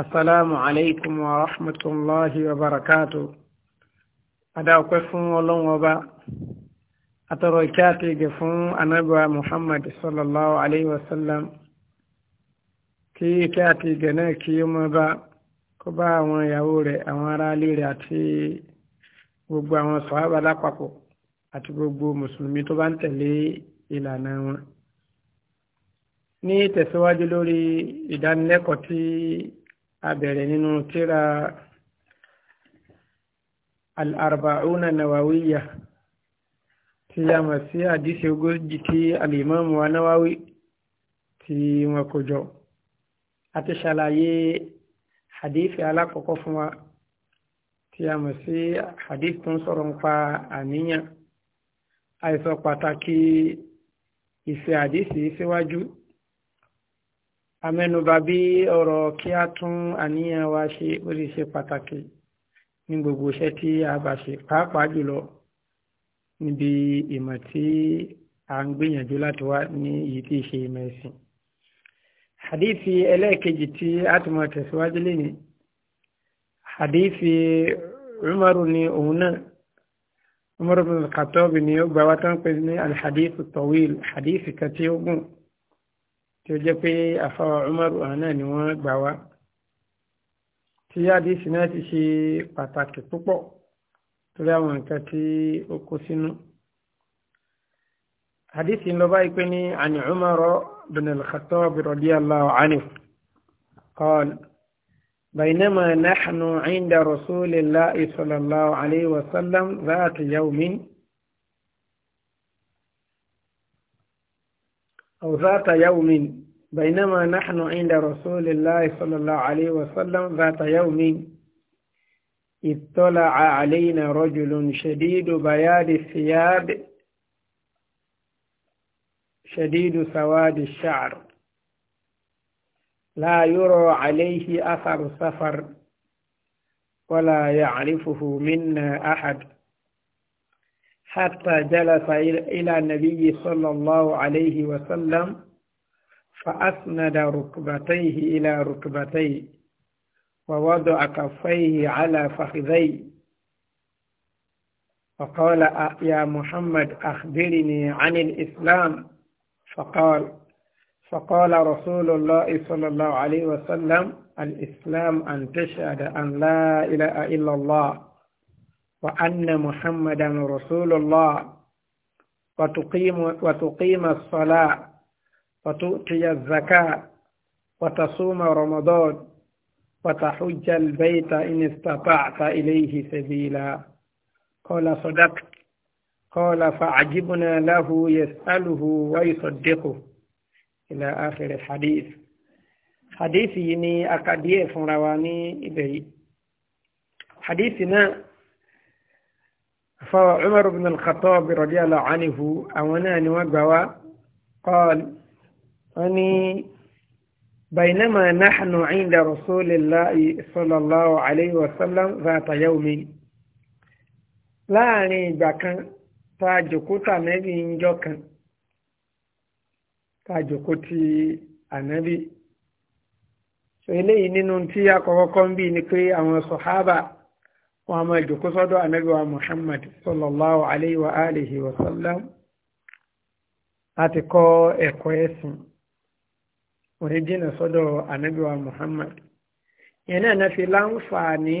asalaamu aleykum wa rahmatulahi wa barakatu adáwọ̀pẹ́ fún ọlọ́run ọba atọrọ ìkẹ́ àti ìgẹ̀ fún anábíwá muhammad sallallahu alayhi wa sallam kí ìkẹ́ àti ìgẹ̀ náà kí ó máa bá kó bá àwọn ìyàwó rẹ̀ àwọn aráalé rẹ̀ àti gbogbo àwọn sọ̀hábà lápapọ̀ àti gbogbo mùsùlùmí tó bá ń tẹ̀lé ìlànà wọn. ní tẹ̀síwájú lórí ìdánilẹ́kọ̀ọ́ tí abẹ̀rẹ̀ nínú tíra al'arba'una nawawiya tí a mọ̀ sí àdísì ogójì tí alìmọ́mù wa náwáwí tí wọn kò jọ a ti ṣàlàyé hadithi alákọ̀ọ́kọ́ fún wa tí a mọ̀ sí tó ń sọ̀rọ̀ ń pa àníyàn àìsọ pàtàkì ìfẹ́ àdísì síwájú si amẹ́nubà bí ọ̀rọ̀ kí a tún àníyàn wa ṣe ó lè ṣe pàtàkì ní gbogbo iṣẹ́ tí a bá ṣe pàápàá jùlọ níbi ìmọ̀ tí a ń gbìyànjú láti wá ní èyí tí ṣe ìmọ̀ ẹ̀sìn hadithi ẹlẹ́ẹ̀kejì tí a ti mọ̀ tẹ̀síwájú lẹ́ni hadithi umaru ni òun náà umaru bin al-khattab ni ó gbà wá tán pé ní alhadithu tawil hadithi kan tí ó gùn tí ó jẹ́ pé àfáwà Umaru àná ni wọ́n gbà wá tí àdìsí náà ti ṣe pàtàkì púpọ̀ torí àwọn nǹkan tí ó kó sínú. àdìsí ń lọ báyìí pé ní àní Umar bin al-Khattab radiyallahu anhu qal baynama nahnu inda rasulillahi sallallahu alayhi wa sallam zaata yawmin aw zaata yawmin. بينما نحن عند رسول الله صلى الله عليه وسلم ذات يوم اطلع علينا رجل شديد بياد الثياب شديد سواد الشعر لا يرى عليه أثر سفر ولا يعرفه منا أحد حتى جلس إلى النبي صلى الله عليه وسلم فأسند ركبتيه إلى ركبتيه ووضع كفيه على فخذيه فقال يا محمد أخبرني عن الإسلام فقال فقال رسول الله صلى الله عليه وسلم الإسلام أن تشهد أن لا إله إلا الله وأن محمدا رسول الله وتقيم, وتقيم الصلاة وتؤتي الزكاة وتصوم رمضان وتحج البيت إن استطعت إليه سبيلا قال صدقت قال فعجبنا له يسأله ويصدقه إلى آخر الحديث حديثي يني أكادية فرواني إبهي حديثنا فعمر بن الخطاب رضي الله عنه أونا نوبوا قال wọ́n ní bainama nahnu inda rasulillahi sallallahu alayhi wa sallam zata yawmin láàrin ìgbà kan tá a jòkó tà nẹ́bí ń jọ kan tá a jòkó ti ànábì so eléyìí nínú tí akọ̀kọ́kọ́ ń bí ni pé àwọn sọ̀hábà wọn a máa sọ́dọ̀ ànábì wa muhammad sallallahu alayhi wa alihi wa láti kọ́ ẹ̀kọ́ ẹ̀sìn òní jìnnà sọ́dọ̀ ànábì Muhammad ìyẹn na fi láǹfààní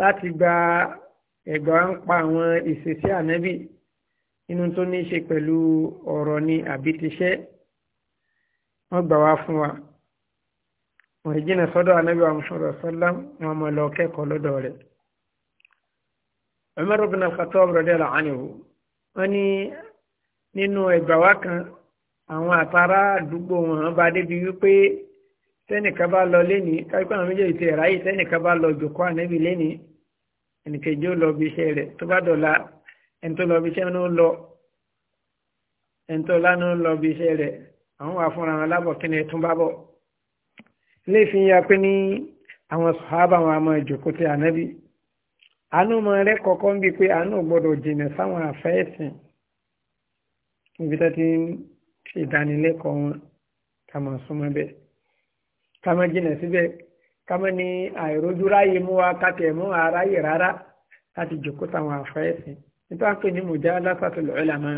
láti gba ẹ̀gbà ń pa àwọn ìṣesí ànábì inú tó ní í ṣe pẹ̀lú ọ̀rọ̀ ni àbí ti ṣẹ́ wọ́n gbà wá fún wa òní jìnnà sọ́dọ̀ ànábì wa Muhammad sallam wọn mọ̀ lọ kẹ́kọ̀ọ́ lọ́dọ̀ rẹ̀ Umar ibn al-Khattab radiyallahu anhu wọ́n ní nínú ẹ̀gbà wá kan àwọn àtàrà àdúgbò wọn bá débi wípé tẹ́nìkan bá lọ lẹ́ni kápẹ́ àwọn méjèèjì ti ráyè tẹ́nìkan bá lọ jòkó ànẹ́bí lẹ́ni ẹnìkejì ó lọ bí iṣẹ́ rẹ̀ tó bá dọ̀la ẹni tó lọ bí iṣẹ́ ní ó lọ ẹni tó lánà ó lọ bí iṣẹ́ rẹ̀ àwọn wà fúnra wọn lábọ̀ kí ni ẹ bá bọ̀ ilé ìfihàn ya pé ní àwọn sàhábà wọn àmọ́ ìjòkó ti ànẹ́bí àánú mọ rẹ kọ̀ọ̀kan bíi pé àánú gbọ́dọ̀ jìnà sáwọn àfẹ́ níbi tó ṣe ìdánilẹ́kọ̀ọ́ wọn ká máa súnmọ́ bẹ́ẹ̀ ká máa jìnà síbẹ̀ ká máa ní àìrójú ráyè mú wa ká tẹ̀ mú aráyè rárá láti jòkó táwọn àfẹ́ẹ̀sìn nípa pé ní mùjá lásàtúlọ̀ ọ̀làmọ́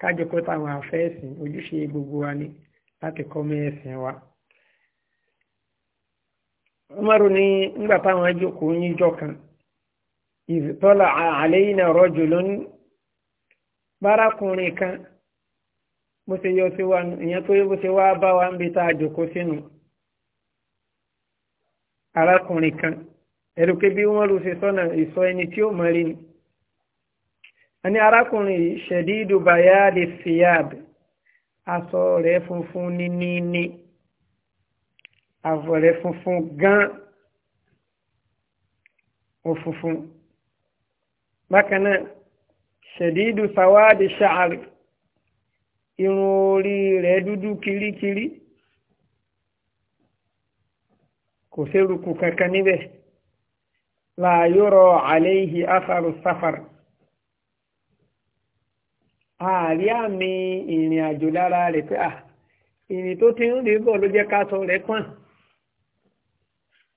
ká jòkó táwọn àfẹ́ẹ̀sìn ojúṣe gbogbo wa ni láti kọ́ mẹ́ẹ̀sìn wa. Umaru ní ngbà táwọn ajókòó níjọ́ kan ìtọ́lá àlẹ́ rọ́jò lónìí bárakùnrin kan bó ṣe yọ sí wa nù ìyẹn tó yẹ bó ṣe wá bá wa ń bi tá a jòkó sínú arákùnrin kan ẹ̀rù pé bí wọ́n lu ṣe sọ́nà ìsọ ẹni tí ó mọ̀ rí ni. a ní arákùnrin yìí ṣẹ̀dídù bayáde fiyab aṣọ rẹ̀ funfun ní níní àwọ̀ rẹ̀ funfun gan ó bákan náà ṣẹ̀dídù sawadi ṣáàrì. irun orí rẹ dúdú kirikiri kò séruku kankan níbẹ̀ láàyòrò àléhì asaru safar ààrí àmì ìrìn àjò lára rẹ pé à ìrìn tó ti ń rí bọ̀ ló jẹ́ ká sọ rẹ̀ pọ̀n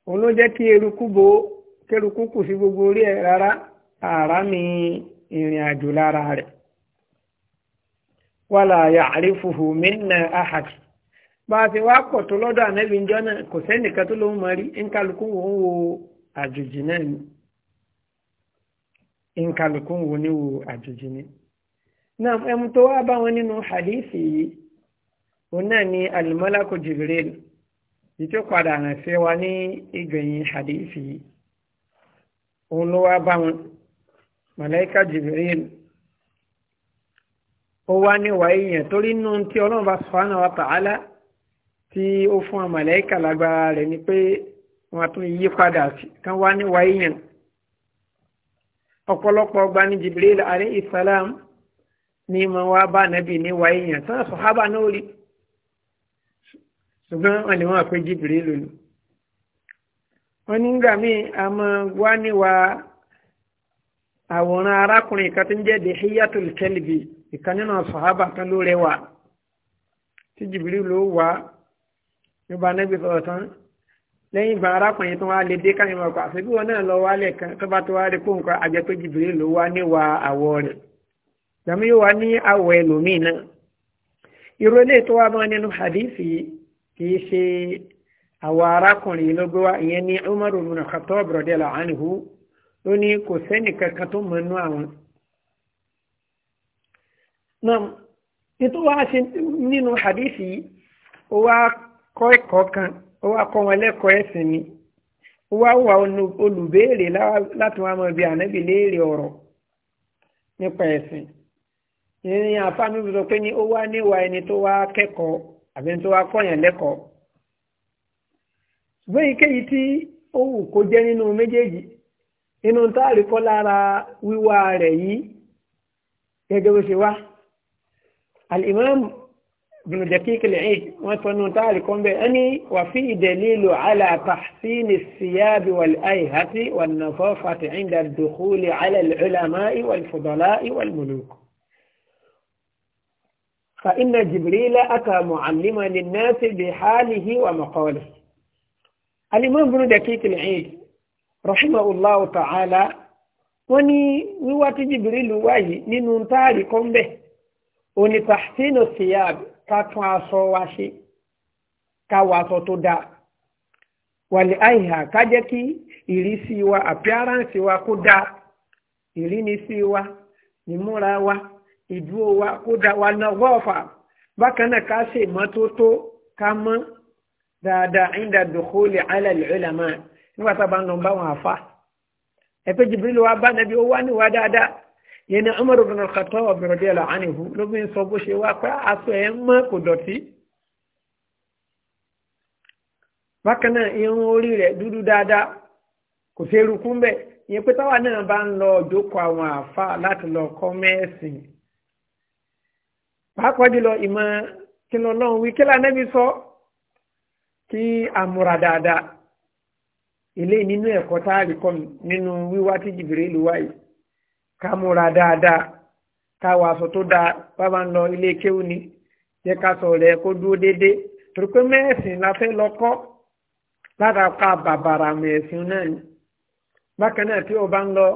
òun ló jẹ́ kí eruku bo kẹrùkú kù sí gbogbo orí ẹ̀ rárá ààrá mi ìrìn àjò lára rẹ̀ wala ya'rifuhu minna ahad ba a ti wá pọ̀ tó lọ́dọ̀ ànábì ńjọ́ náà kò sẹ́nìkan tó wo ni ni wo àjòjì ni. náà ẹmu tó wá bá wọn nínú hadithi ni Jibril wa ní ìgbẹ̀yìn hadithi yìí òun ló Jibril. ó wá níwàá èèyàn torí nínú tí ọlọ́run bá subhanahu wa ta'ala tí ó fún àmàlẹ́kà lágbára rẹ̀ ni pé wọ́n tún yí padà kán wá níwàá èèyàn ọ̀pọ̀lọpọ̀ ọgbà ní Jibril alayhi salam ní ma wá bá nàbì níwàá èèyàn tán sọ̀hábà náà rí ṣùgbọ́n wọn lè wọ́n pé Jibril lónìí wọ́n nígbà míì a máa wá níwàá àwòrán arákùnrin kan tó ń jẹ́ Dihiyatul Kalbi ìkan nínú sàhábà kan ló rẹwà tí jìbìrì ló wà nígbà anábì sọ̀rọ̀ tán lẹ́yìn ìgbà arákùnrin tó wá lè dé káyọ̀ ọkọ̀ àṣẹbí wọn náà lọ wálẹ̀ kan tó bá tó wá rí kóńkọ́ àjẹpé jìbìrì ló wá níwà àwọ̀ rẹ̀ jàmí yóò wá ní àwọ̀ ẹlòmíì náà irú eléyìí tó wá bọ́ nínú hadithi kìí ṣe àwọ̀ arákùnrin ló gbé wá ìyẹn ní Umar ibn Khattab radiyallahu anhu ó ní kò sẹ́nì kankan tó mọ̀ nú àwọn náà nítorí nínú hadisi kan wà olùbéèrè láti wá mọ ibi ànábì léèrè ọ̀rọ̀ pé ní ó wá níwà ẹni tó wá kẹ́kọ̀ọ́ àbí tó wá kọ́yàn lẹ́kọ̀ọ́ ṣùgbọ́n èyíkéyìí tí ó wù kó jẹ́ nínú méjèèjì táàrí الإمام ابن دقيق العيد وانتو تعالى بأني وفي دليل على تحسين الثياب والأيهة والنظافة عند الدخول على العلماء والفضلاء والملوك فإن جبريل أتى معلما للناس بحاله ومقاله الإمام ابن دقيق العيد رحمه الله تعالى وني نواتي جبريل واجي jìbìrìlù كومبه onítàṣínú síyáàbì ká tún aṣọ wa ṣe ká wọ aṣọ tó dáa wàlẹ̀ àìhà ká jẹ́ kí ìrísí wa àpíáráǹsì wa kó dáa ìrínisí wa ìmúra wa ìdúró wa kó dáa wa náà wọ́ọ̀fà bákan náà ká ṣe ìmọ́tótó ká mọ́ dáadáa ìdá dòkólè alẹ́ ìlàmà nígbà tá a bá ń lọ bá wọn àfa ẹ̀pẹ́ jìbìrìlù wa bá nàbí ó wá níwá dáadáa yẹn ni Umar ibn al-Khattab radiyallahu anhu ló bí ń sọ bó ṣe wá pé aṣọ ẹ̀ mọ́ kò dọ̀tí bákan náà irun orí rẹ̀ dúdú dáadáa kò sí eruku ń bẹ̀ ìyẹn pé táwa náà bá ń lọ jókòó àwọn àfa láti lọ kọ́ mẹ́ẹ̀sìn pàápàá jùlọ ìmọ̀ kí lọ lọ́hùn wí kí lànàbí sọ kí àmúra dáadáa ilé nínú ẹ̀kọ́ tá a rí kọ́ nínú wíwá tí Jibril wáyé ká múra dáadáa ká wọ aṣọ tó dáa bábá ń lọ ilé kéwù ni jẹ́ ká sọ rẹ̀ kó dúró déédéé torí pé mẹ́ẹ̀sìn la fẹ́ lọ kọ́ látàkà bàbàrà mẹ́ẹ̀sìn náà ni bákan náà tí o bá ń lọ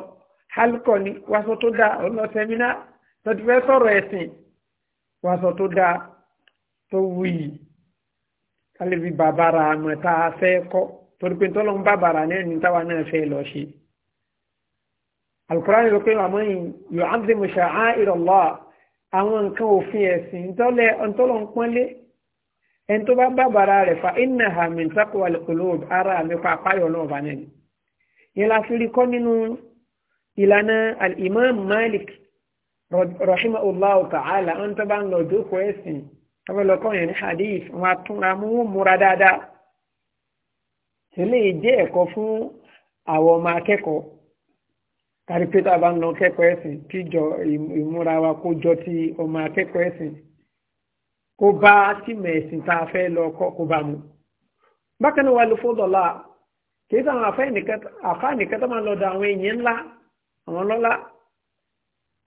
hálùkọ ni wàṣọ tó dáa ó lọ sẹ́mínà lọ́dún fẹ́ sọ̀rọ̀ ẹ̀sìn wàṣọ tó dáa tó wuyì kálíbi bàbàrà àmọ̀ fẹ́ kọ́ torí pé tọ́lọ́ bàbàrà náà ní táwa náà fẹ́ lọ ṣe alukurani ló pé màmá yìí yóò ámdé mo ṣàá ìrọ̀lọ́ àwọn nǹkan òfin ẹ̀sìn ntọ́lọ̀ ń pọ́nlé ẹni tó bá bá bàrà rẹ̀ fa iná hàmì ntakò alùpùpù ara mi pa apáyọ̀ náà bá nẹ́ni. yẹn la fi rí kọ́ nínú ìlànà al-imam malik rahimahullah ta'ala ń tó bá ń lọ dókòó ẹ̀sìn ọmọlọ́kọ́ hadith wọn atúnra mú múra dáadáa. eléyìí jẹ́ ẹ̀kọ́ fún àwọn ọmọ akẹ́kọ̀ọ́ kárí pé tá a bá ń lọ kẹ́kọ̀ọ́ ẹ̀sìn kíjọ ìmúra wa kó jọ ti ọmọ akẹ́kọ̀ọ́ ẹ̀sìn kó bá tìmọ̀ ẹ̀sìn tá a fẹ́ lọ kọ́ kó bá mu. bákan náà wà ló fọ́dọ̀ la kìí sáwọn àfáà nìkan tó máa lọ da àwọn èèyàn ńlá àwọn lọ́lá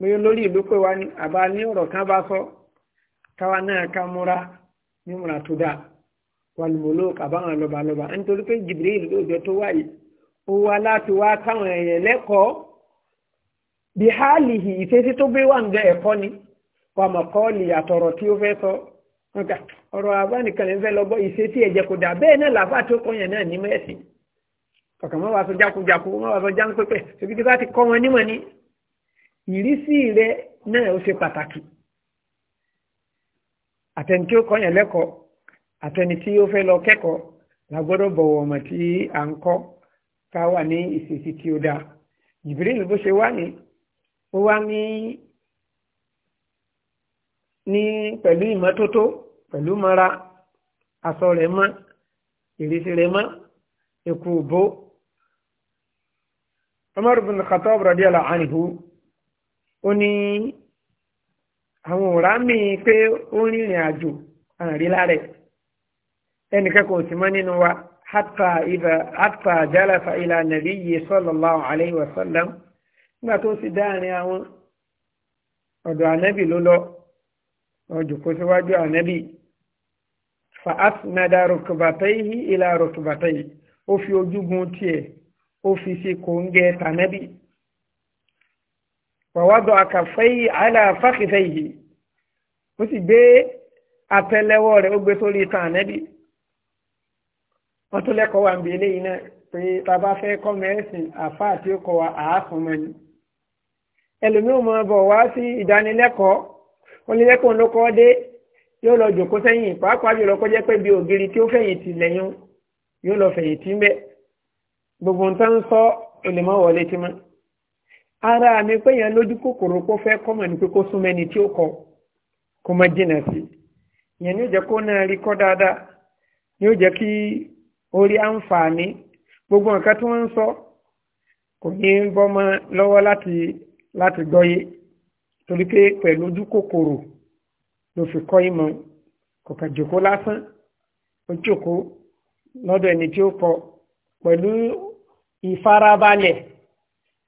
bóyá lórí ìlú pé wa ni àbá ní ọ̀rọ̀ kan bá sọ káwa náà ká múra ní múra tó dáa wàlúmọ̀ló kàbáwọn lọ́balọ́ba nítorí pé Jibril lóòjọ́ tó wáyé ó wá láti wá káwọn èèyàn lẹ́kọ̀ọ́ bí hálìhì ìfẹ́sí tó gbé wà ń jẹ ẹ̀kọ́ ni pàmọ̀kọ́ọ̀lì àtọ̀rọ̀ tí ó fẹ́ sọ ọ̀rọ̀ abánikan lè fẹ́ lọ́gbọ́ ìfẹ́sí ẹ̀jẹ̀ kò dà bẹ́ẹ̀ náà làbá tó kọyàn náà ní mẹ́sìn kọ̀kàn má wàá sọ jákujàku má wàá sọ jáńpẹ́pẹ́ ṣèbí tí bá ti kọ́ wọn nímọ̀ ni ìrísí rẹ náà ó ṣe pàtàkì àtẹni tí ó kọyàn lẹ́kọ̀ọ́ àtẹni tí ó fẹ́ lọ kẹ́kọ̀ọ́ làgbọ́dọ̀ bọ̀wọ̀ ọmọ tí à ń kọ́ ká wà ní ìṣesí tí ó dáa Jibril bó ṣe wá ní ó wá ní ní pẹ̀lú ìmọ́tótó pẹ̀lú mọ́ra aṣọ rẹ̀ mọ́ ìrísí rẹ̀ mọ́ èkó òbó Umar bin Khattab radiyallahu anhu ó ní àwọn òrá mi pé ó rìnrìn àjò àrí lárẹ̀ ẹnìkẹ́kọ̀ọ́ sì mọ́ nínú wa hatta jalasa ila nabiyyi sallallahu alayhi wa sallam nígbà tó sì dáàrin àwọn ọ̀dọ̀ ànẹ́bì ló lọ ọjùkú síwájú ànẹ́bì fa asnada rukbatayhi ila rukbatayhi ó fi ojúgun tiẹ̀ ó fi sí kòńgẹ́ tànẹ́bì wa wada'a kaffayhi ala fakhidhayhi ó sì gbé àtẹ́lẹwọ́ rẹ̀ ó gbé sórí ìtàn ànẹ́bì wọ́n tún lẹ́kọ̀ọ́ wà ń bi eléyìí náà pé tá a bá fẹ́ kọ́ mẹ́sìn àfáà tí ó kọ wa àáfọ̀mọ́ni ẹlòmíràn máa bọ̀ wá sí ìdánilẹ́kọ̀ọ́ onílẹ́kọ̀ọ́ ló kọ́ dé yóò lọ jòkó sẹ́yìn pàápàá jùlọ kó jẹ́ pé bí ògiri tí ó fẹ̀yìntì lẹ́yìn yóò lọ fẹ̀yìntì ń bẹ̀ gbogbo nǹkan ń sọ olèmọ́ wọlé tí mọ́ ara mi pé yẹn lójú kòkòrò kó fẹ́ kọ́mọ̀ ní pé kó súnmọ́ ẹni tí ó kọ kó má jìnà sí yẹn ni ó jẹ́ kó náà rí kọ́ dáadáa ni ó jẹ́ kí orí àǹfààní gbogbo nǹkan tí wọ́n ń sọ kò ní bọ́mọ lọ́wọ́ láti láti gbọ́yé torí pé pẹ̀lú ojú kòkòrò ló fi kọ́ ìmọ̀ kò kà jòkó lásán ó jòkó lọ́dọ̀ ẹni tí ó kọ pẹ̀lú ìfarabalẹ̀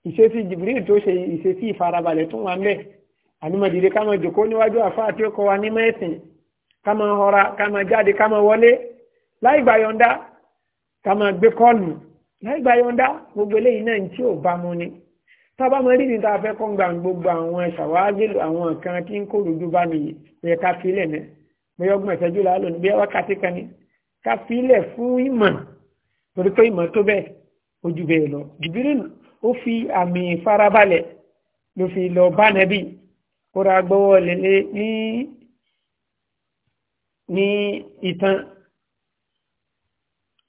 ìṣesí Jibril tó ṣe ìṣesí ìfarabalẹ̀ tó wà mẹ́ ànímọ̀dìde ká máa jòkó níwájú àfáà tí ó kọ wa ní mẹ́sìn ká máa họra ká máa jáde ká máa wọlé láì gbà ká máa gbé kọ́ọ̀lù láì gbà gbogbo eléyìí náà tí ò bá mu ni tábà mọ rídìí tá a fẹ́ kọ́ ń gba gbogbo àwọn ṣàwágìlò àwọn nǹkan tí ń kó lójú bá mi yẹ ká filẹ̀ ní bóyá ọgbọ̀n ìṣẹ́jú la lò ní bóyá wákàtí kan ní ká filẹ̀ fún ìmọ̀ torí pé ìmọ̀ tó bẹ́ẹ̀ ojú bẹ́ẹ̀ lọ Jibril ó fi àmì farabalẹ̀ ló fi lọ bá ó ra gbọ́wọ́ lélẹ̀ ní ní ìtàn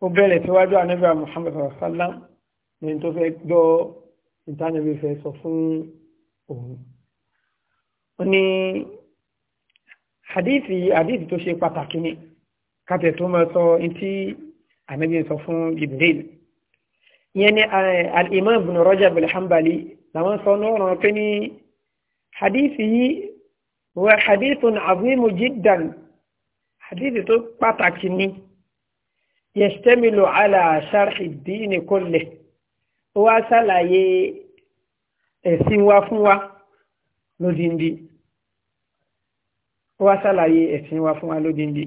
ó bẹ̀rẹ̀ síwájú ànábì Muhammad sallallahu ní tó fẹ́ gbọ́ ìtànàbí fẹ́ sọ fún òun ó ní hadithi hadithi tó ṣe pàtàkì ni kàtẹ̀ tó mọ́ sọ tí ànábì sọ fún Jibril ìyẹn ni eh, al-Imam ibn Rajab làwọn sọ náà rán pé ní hadithi yìí wa hadithun azimu jiddan hadithi tó pàtàkì ni yastamilu ala sharhi ad-din ó wá ṣàlàyé ẹ̀sìn wa fún wa lódindi ó wá ṣàlàyé ẹ̀sìn wa fún wa lódindi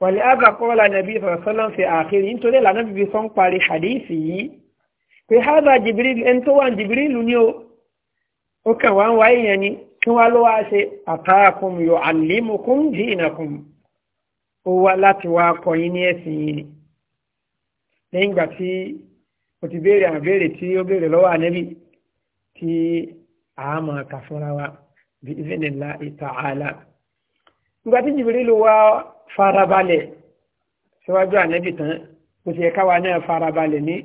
wàlẹ̀ àbàkọ́lá nàbí ìfọ̀sọ́lọ́ fi àkírí nítorí ìlànà bíbí sọ́n parí hadithi yìí pé hábà jibril ẹni tó wà jibril ní o ó kàn wá ń wá èèyàn ni kí wá ló wá ṣe àtàkùn yóò àlímùkún dínàkùn ó wá láti wá kọ́ yín ní ẹ̀sìn yìí lẹ́yìn ìgbà tí ó ti béèrè àwọn béèrè tí ó béèrè lọ́wọ́ ànẹ́bí tí a máa kà fúnra wa bí iznillahi ta'ala. nígbà tí Jibrilu wá farabalẹ̀ síwájú ànẹ́bí tán bó ṣe káwa náà farabalẹ̀ ní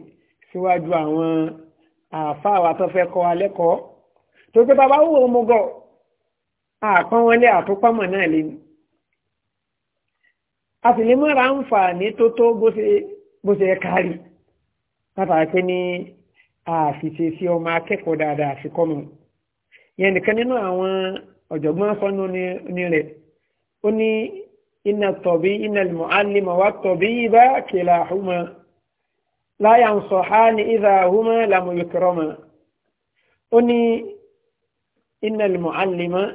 síwájú àwọn àáfàá wa tó fẹ́ kọ́ alẹ́kọ̀ọ́ tó pé bàbá wò ó mú àpọ́n wọn lé náà lé ní. a sì lè mọ́ra ń fà ní tó bó ṣe kárí látara pé ní àfìṣe sí ọmọ akẹ́kọ̀ọ́ dáadáa àfikọ́mọ yẹn nìkan nínú àwọn ọ̀jọ̀gbọ́n sọ́nù ní rẹ̀ ó ní iná tọ̀bí iná mọ̀álìmọ̀ wá tọ̀bí ibà kìlà àhúmọ láyà ń sọ ha ní ìdá àhúmọ làmúlùkìrọmọ ó ní iná mọ̀álìmọ̀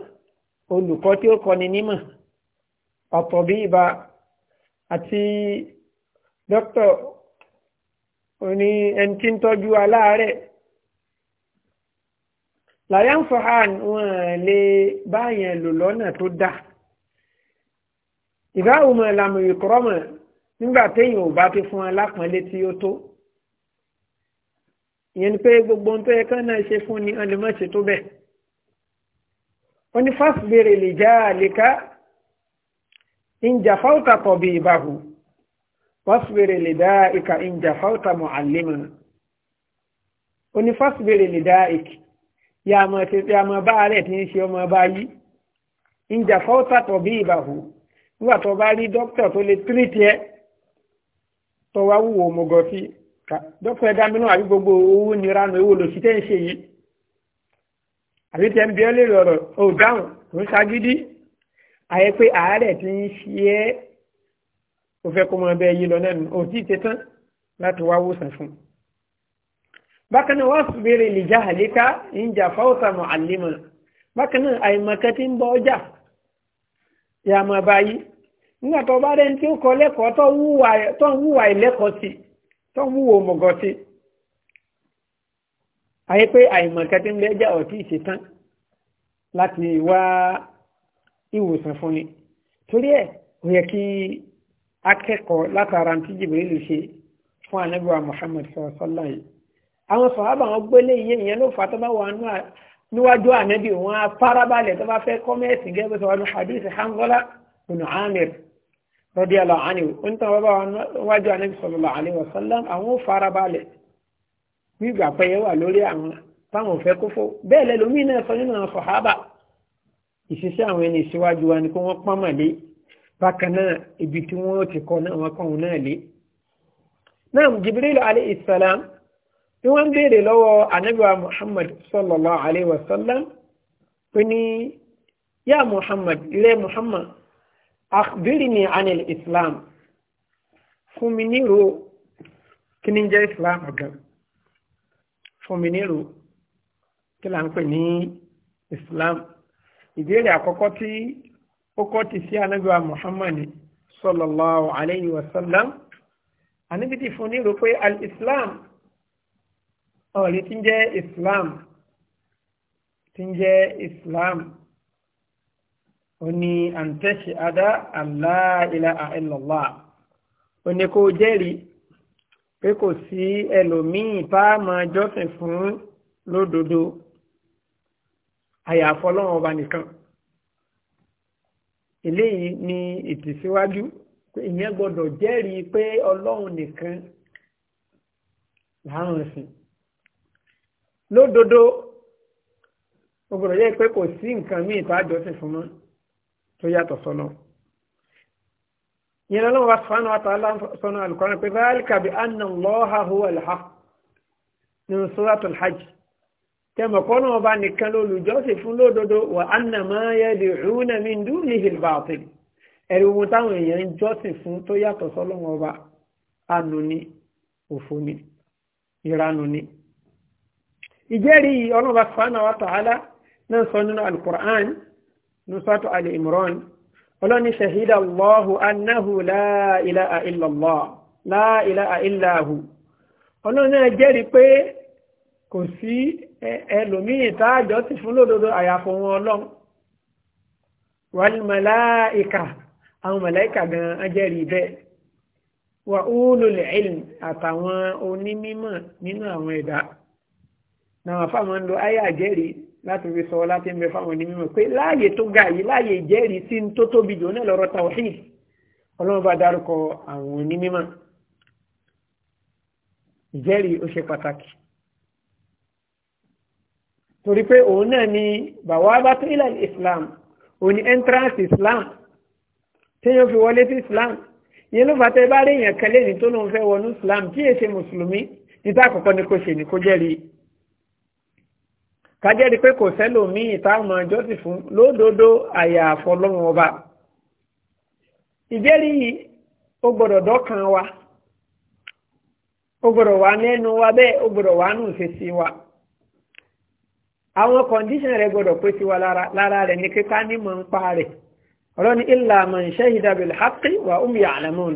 olùkọ́ tí ó kọ́ni nímọ̀ ọ̀tọ̀bí ibà àti dókítà oni ní ẹni tí ń tọ́jú aláàárẹ̀ làyà ń fọ́hán wọn lè báyẹn lò lọ́nà tó dáa ìdáhùnmọ̀ ìlànà ìkọ́rọ́mọ̀ nígbà téèyàn ò bá ti fún alápọ̀nlé tí ó tó ìyẹn ni pé gbogbo ohun tó yẹ kán náà ṣe fún ni wọn lè ṣe tó bẹ́ẹ̀ ó fásitì bèrè lè já àlékà ń jà fáwọ́tà kọ̀ bí fásibèrè lè dá ìka ìjà fáwọ́tà mọ̀ àlímà ó ní fásibèrè lè dá ìkì yà á máa tètè àmọ́ bá rẹ̀ tí ń ṣe ọmọ bá yí ìjà fáwọ́tà tọ̀ bí ìbàhù nígbà tó bá rí dókítà tó lè tírìtì ẹ mi náà àbí gbogbo owó nira nù ewu lòsí tẹ́ ń ṣe yìí àbí tẹ́ ń bí ẹ lè rọ̀rọ̀ ò dáhùn kò ń ṣagídí ti ń ó fẹ́ kó máa bẹ yí lọ náà ò tí ì ṣe tán láti wá wòsàn fún un. bákan náà wàá sùbẹ̀rẹ̀ lè já àlékà ìjà fáwọ́sà mọ̀ àlímọ̀ bákan náà àìmọ̀kẹ́ ti ń bọ́ ọjà yà máa bá yí nígbà tó bá rẹ̀ tí ó kọ lẹ́kọ̀ọ́ tó ń wúwà ìlẹ́kọ̀ọ́ sí tó ń wúwò mọ̀gọ́ sí ayé pé àìmọ̀kẹ́ ti ń bẹ́ jà ò tí tán láti wá ìwòsàn fún ni torí ẹ̀ ó yẹ kí akẹ́kọ̀ọ́ látara tí Jibril ṣe fún anábíwá Muhammad sọ̀rọ̀sọ́lá yìí àwọn sọ̀hábà wọn gbélé iye ìyẹn ló fà tó bá wà níwájú ànábì wọn afárábalẹ̀ tó bá fẹ́ kọ́mẹ́ẹ̀sì gẹ́gẹ́ sọ wọn hadith Hanzala bin Amir radiyallahu anhu ń tàn wọ́n bá wọn níwájú ànábì sallallahu alaihi wasallam àwọn farabalẹ̀ gbígbà pẹ́yẹ wà lórí àwọn táwọn fẹ́ kó fó bẹ́ẹ̀ lẹ́lòmí náà sọ nínú àwọn sọ̀hábà ìṣiṣẹ́ bákan náà ibi tí wọ́n ti kọ́ náà wọ́n kọ́ náà lé. náà jibril alayhi salam tí wọ́n béèrè lọ́wọ́ anabiwa muhammad sallallahu alayhi wa sallam pé ní yá muhammad ilé muhammad anil islam fún mi islam gan fún kí là ń pè ní islam ìbéèrè àkọ́kọ́ tí ó kọ́ ti sí anábíwá Muhammad sallallahu alayhi wa sallam anábí ti fún nílò pé al-islam ọ̀rẹ́ tí ń jẹ́ islam tí ń jẹ́ islam ó ní àǹtẹ̀ṣe adá alla ilaha illallah ó ní kó jẹ́rìí pé kò sí ẹlòmíì bá máa jọ́sìn fún lódodo àyàfọ́ ọba nìkan eléyìí ni ìtẹ̀síwájú ìyẹn gbọ́dọ̀ jẹ́rìí pé ọlọ́run nìkan láàrùn sí lódodo ó gbọ́dọ̀ jẹ́ pé kò sí nǹkan míì ìtàjọ́ sì fún mọ́ tó yàtọ̀ sọ́nà yẹn lọ́wọ́ bá sọ́nà àtàlà sọ́nà alukọ́rin pé báyìí kàbí anna Allaha huwa al-haq nínú suratul hajj tẹmọ̀kọ́ náà bá nìkan lólùjọ́sìn fún lódodo wà á nà máa yẹ lè rún náà mi dùn ní ìlú bàtì ẹ̀rí ohun táwọn èèyàn ń jọ́sìn fún tó yàtọ̀ sọ́lọ́wọ́n ọba ànú ni òfò ni ìranù ni. ìjẹ́rìí ọlọ́ba sàánà wa tààlà náà sọ nínú alukur'an nusatu ali imran ọlọ́ni ṣahida allahu annahu la ilaha illallah la ilaha illahu ọlọ́ni náà jẹ́rìí pé kò sí ẹlòmíì tààjọ́ ti fún lódodo àyàfò wọn ọlọ́run wal màláìkà àwọn màláìkà gan-an jẹ́rìí bẹ́ẹ̀ wà ulul ilm àtàwọn onímímọ̀ nínú àwọn ẹ̀dá náà fáwọn ń lo àyà láti fi sọ láti ń bẹ fáwọn onímọ̀ pé láàyè tó ga yìí láàyè sí tó tóbi náà ọlọ́run bá dárúkọ àwọn torí pé òun náà ni bàwábàtú ilà islam òun ni entrance islam téèyàn fi wọlé sí islam yẹn ló fàtẹ́ bá rí èèyàn kẹlẹ́ ní tó lóun fẹ́ wọnú islam kí èsè mùsùlùmí níta àkọ́kọ́ ni kò ṣe ní kó jẹ́rìí kájẹ́rìí pé kò sẹ́lòmíì táwọn ọjọ́ sì fún lódodo àyà àfọlọ́run ọba ìjẹ́rìí ó gbọ́dọ̀ dọ́kan wa ó gbọ́dọ̀ wà nínú wa bẹ́ẹ̀ ó gbọ́dọ̀ wà nù ṣe sí wa àwọn kọ̀ǹdíṣàn rẹ̀ gbọ́dọ̀ pé tiwa lára rẹ̀ ní kíká nímọ̀ ń pa rẹ̀ ọ̀rọ̀ ni illa man shahida bil haqqi wa hum ya'lamun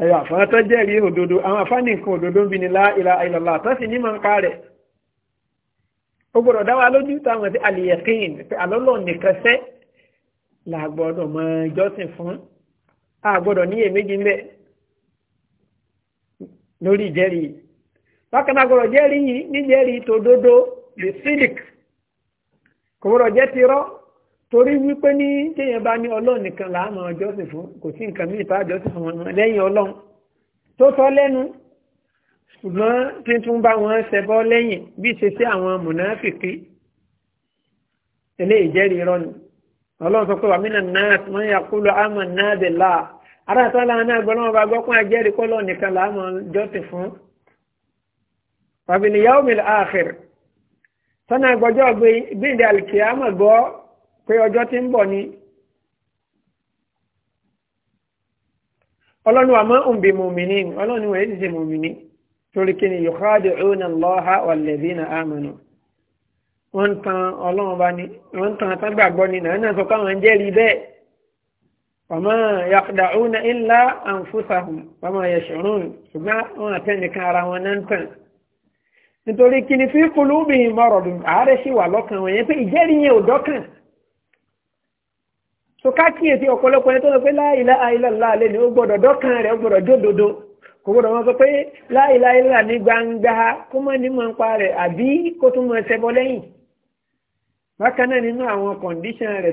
ẹ̀yà àfọ́n tó jẹ́rìí òdodo àwọn afáàní nǹkan òdodo ń bi ní la ilaha illallah tó sì nímọ̀ ń pa lórí ìjẹ́rìí bákan náà gbọ́dọ̀ jẹ́rìí yìí níjẹ́rìí tòdodo lè sídìk kò gbọ́dọ̀ jẹ́ tirọ́ torí wípé ní téèyàn bá ní ọlọ́run nìkan là á mọ ọjọ́sìn fún kò sí nǹkan míì tá àjọsìn fún wọn lẹ́yìn ọlọ́run tó sọ lẹ́nu ṣùgbọ́n tuntun bá wọn ṣẹbọ lẹ́yìn bí ṣe sí àwọn mùnáfìkì eléyìí jẹ́rìí irọ́ ni ọlọ́run sọ pé wàmí náà náà wọ́n yà kúlù àmọ̀ náà dè láà ara àtàlà náà gbọ́dọ̀ wọn bá gbọ́ wàbìnì yaumil akhir sọ́nà ìgbọ́jọ́ gbìndé alkiyama gbọ́ pé ọjọ́ tí ń bọ̀ ni ọlọ́nu àmọ́ òǹbì mùmìnì ọlọ́nu wẹ̀ ẹ́dìdì mùmìnì torí kí ni yukhadi'una Allaha walladhina amanu wọ́n ń tan ọlọ́run bá ní wọ́n ń tan àtàgbàgbọ́ ni nàá náà sọ pé àwọn ń jẹ́rìí bẹ́ẹ̀ wàmọ́ illa anfusahum wàmọ́ yash'urun ṣùgbọ́n wọn àtẹnìkan ara wọn náà ń nítorí kí ni fi qulubihim maradun ààrẹ sì wà lọ́kàn wọn yẹn pé ìjẹ́rìí yẹn ò dọ́kàn so ká kíyèsí ọ̀pọ̀lọpọ̀ ẹni tó sọ pé la ilaha ó gbọ́dọ̀ dọ́kàn rẹ̀ gbọ́dọ̀ jódodo kò gbọ́dọ̀ wọn sọ pé la ní gbangba kó ní ń pa rẹ̀ àbí kó tún ẹsẹ̀ bọ́ lẹ́yìn bákan náà nínú àwọn kọ̀ǹdíṣàn rẹ̀